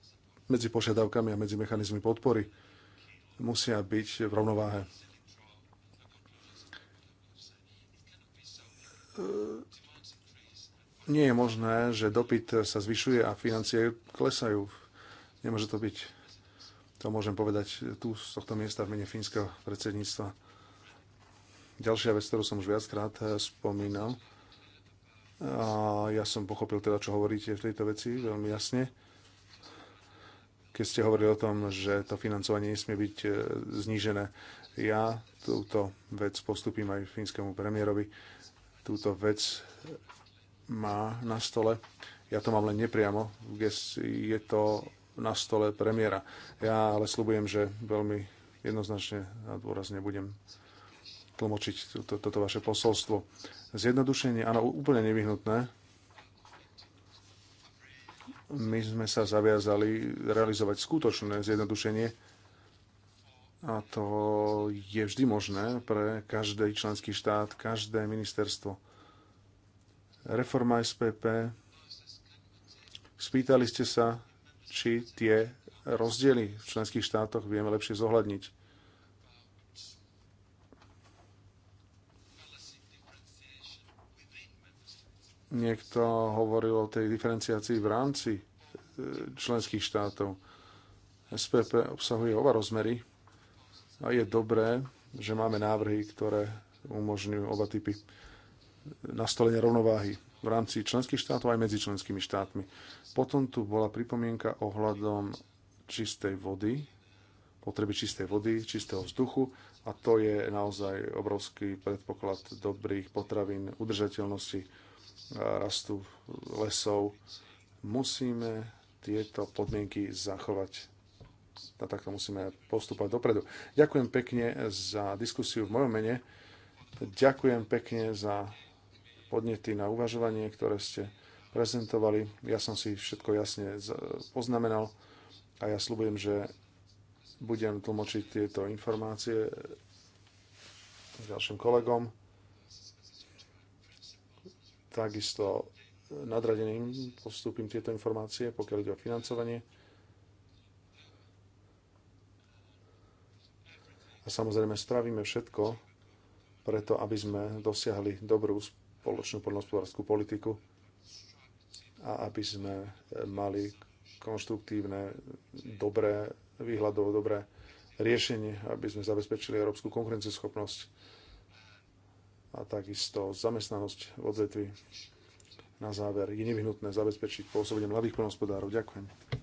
medzi požiadavkami a medzi mechanizmy podpory. Musia byť v rovnováhe. Nie je možné, že dopyt sa zvyšuje a financie klesajú. Nemôže to byť to môžem povedať tu z tohto miesta v mene fínskeho predsedníctva. Ďalšia vec, ktorú som už viackrát eh, spomínal, a ja som pochopil teda, čo hovoríte v tejto veci veľmi jasne, keď ste hovorili o tom, že to financovanie nesmie byť eh, znížené. Ja túto vec postupím aj fínskemu premiérovi. Túto vec má na stole. Ja to mám len nepriamo. Je to na stole premiéra. Ja ale slúbujem, že veľmi jednoznačne a dôrazne budem tlmočiť toto, toto vaše posolstvo. Zjednodušenie, áno, úplne nevyhnutné. My sme sa zaviazali realizovať skutočné zjednodušenie a to je vždy možné pre každý členský štát, každé ministerstvo. Reforma SPP. Spýtali ste sa, či tie rozdiely v členských štátoch vieme lepšie zohľadniť. Niekto hovoril o tej diferenciácii v rámci e, členských štátov. SPP obsahuje oba rozmery a je dobré, že máme návrhy, ktoré umožňujú oba typy nastolenia rovnováhy v rámci členských štátov aj medzi členskými štátmi. Potom tu bola pripomienka ohľadom čistej vody, potreby čistej vody, čistého vzduchu a to je naozaj obrovský predpoklad dobrých potravín, udržateľnosti e, rastu lesov. Musíme tieto podmienky zachovať a takto musíme postupovať dopredu. Ďakujem pekne za diskusiu v mojom mene. Ďakujem pekne za podnety na uvažovanie, ktoré ste prezentovali. Ja som si všetko jasne poznamenal a ja slúbujem, že budem tlmočiť tieto informácie ďalším kolegom. Takisto nadradeným postúpim tieto informácie, pokiaľ ide o financovanie. A samozrejme spravíme všetko preto, aby sme dosiahli dobrú spoločnú poľnohospodárskú politiku a aby sme mali konštruktívne, dobré, výhľadovo dobré riešenie, aby sme zabezpečili európsku konkurencieschopnosť a takisto zamestnanosť v odvetvi. Na záver je nevyhnutné zabezpečiť pôsobenie mladých poľnohospodárov. Ďakujem.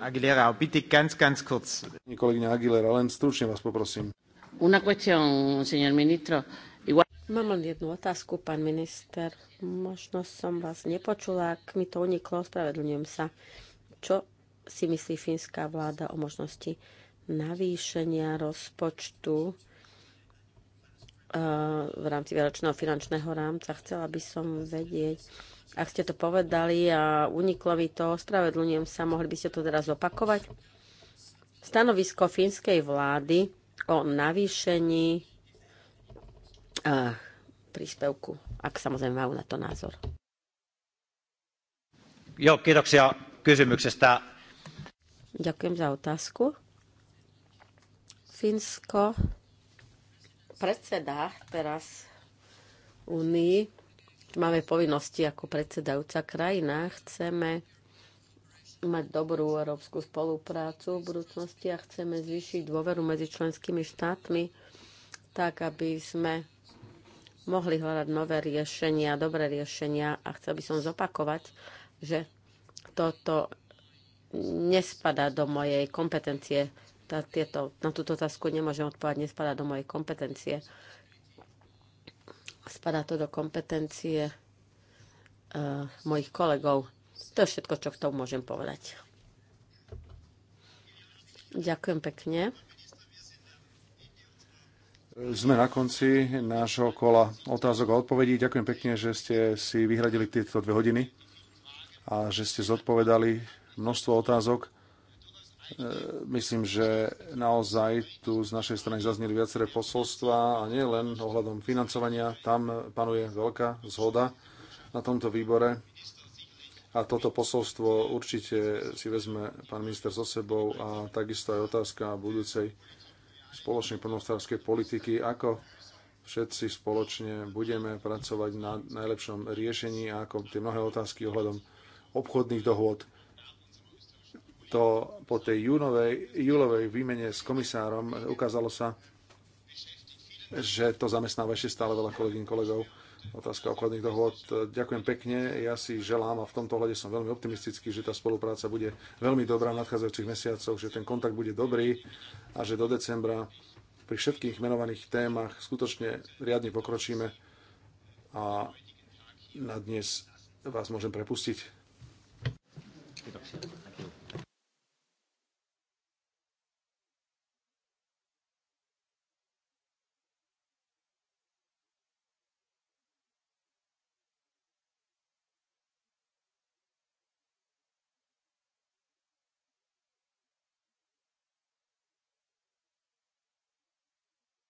Aguilera, ganz, ganz kurz. Kolegyňa Aguilera, len stručne vás poprosím. Una cuestión, señor ministro. Igual... Mám len jednu otázku, pán minister. Možno som vás nepočula, ak mi to uniklo, ospravedlňujem sa. Čo si myslí fínska vláda o možnosti navýšenia rozpočtu v rámci veľačného finančného rámca. Chcela by som vedieť, ak ste to povedali a uniklo mi to, spravedlňujem sa, mohli by ste to teraz opakovať? Stanovisko fínskej vlády o navýšení príspevku, ak samozrejme majú na to názor. Jo, kiitoksia kysymyksestä. Ďakujem za otázku. Fínsko predseda teraz Unii. Máme povinnosti ako predsedajúca krajina. Chceme mať dobrú európsku spoluprácu v budúcnosti a chceme zvýšiť dôveru medzi členskými štátmi, tak aby sme mohli hľadať nové riešenia, dobré riešenia a chcel by som zopakovať, že toto nespada do mojej kompetencie tá, tieto, na túto otázku nemôžem odpovedať, nespadá do mojej kompetencie. Spadá to do kompetencie uh, mojich kolegov. To je všetko, čo k tomu môžem povedať. Ďakujem pekne. Sme na konci nášho kola otázok a odpovedí. Ďakujem pekne, že ste si vyhradili tieto dve hodiny a že ste zodpovedali množstvo otázok. E, myslím, že naozaj tu z našej strany zazneli viaceré posolstva a nie len ohľadom financovania. Tam panuje veľká zhoda na tomto výbore. A toto posolstvo určite si vezme pán minister so sebou a takisto aj otázka budúcej spoločnej plnostárskej politiky, ako všetci spoločne budeme pracovať na najlepšom riešení a ako tie mnohé otázky ohľadom obchodných dohôd to po tej júnovej, júlovej výmene s komisárom ukázalo sa, že to zamestnáva ešte stále veľa kolegyň kolegov. Otázka obchodných dohod. Ďakujem pekne. Ja si želám a v tomto hľade som veľmi optimistický, že tá spolupráca bude veľmi dobrá v nadchádzajúcich mesiacoch, že ten kontakt bude dobrý a že do decembra pri všetkých menovaných témach skutočne riadne pokročíme a na dnes vás môžem prepustiť. Ďakujem.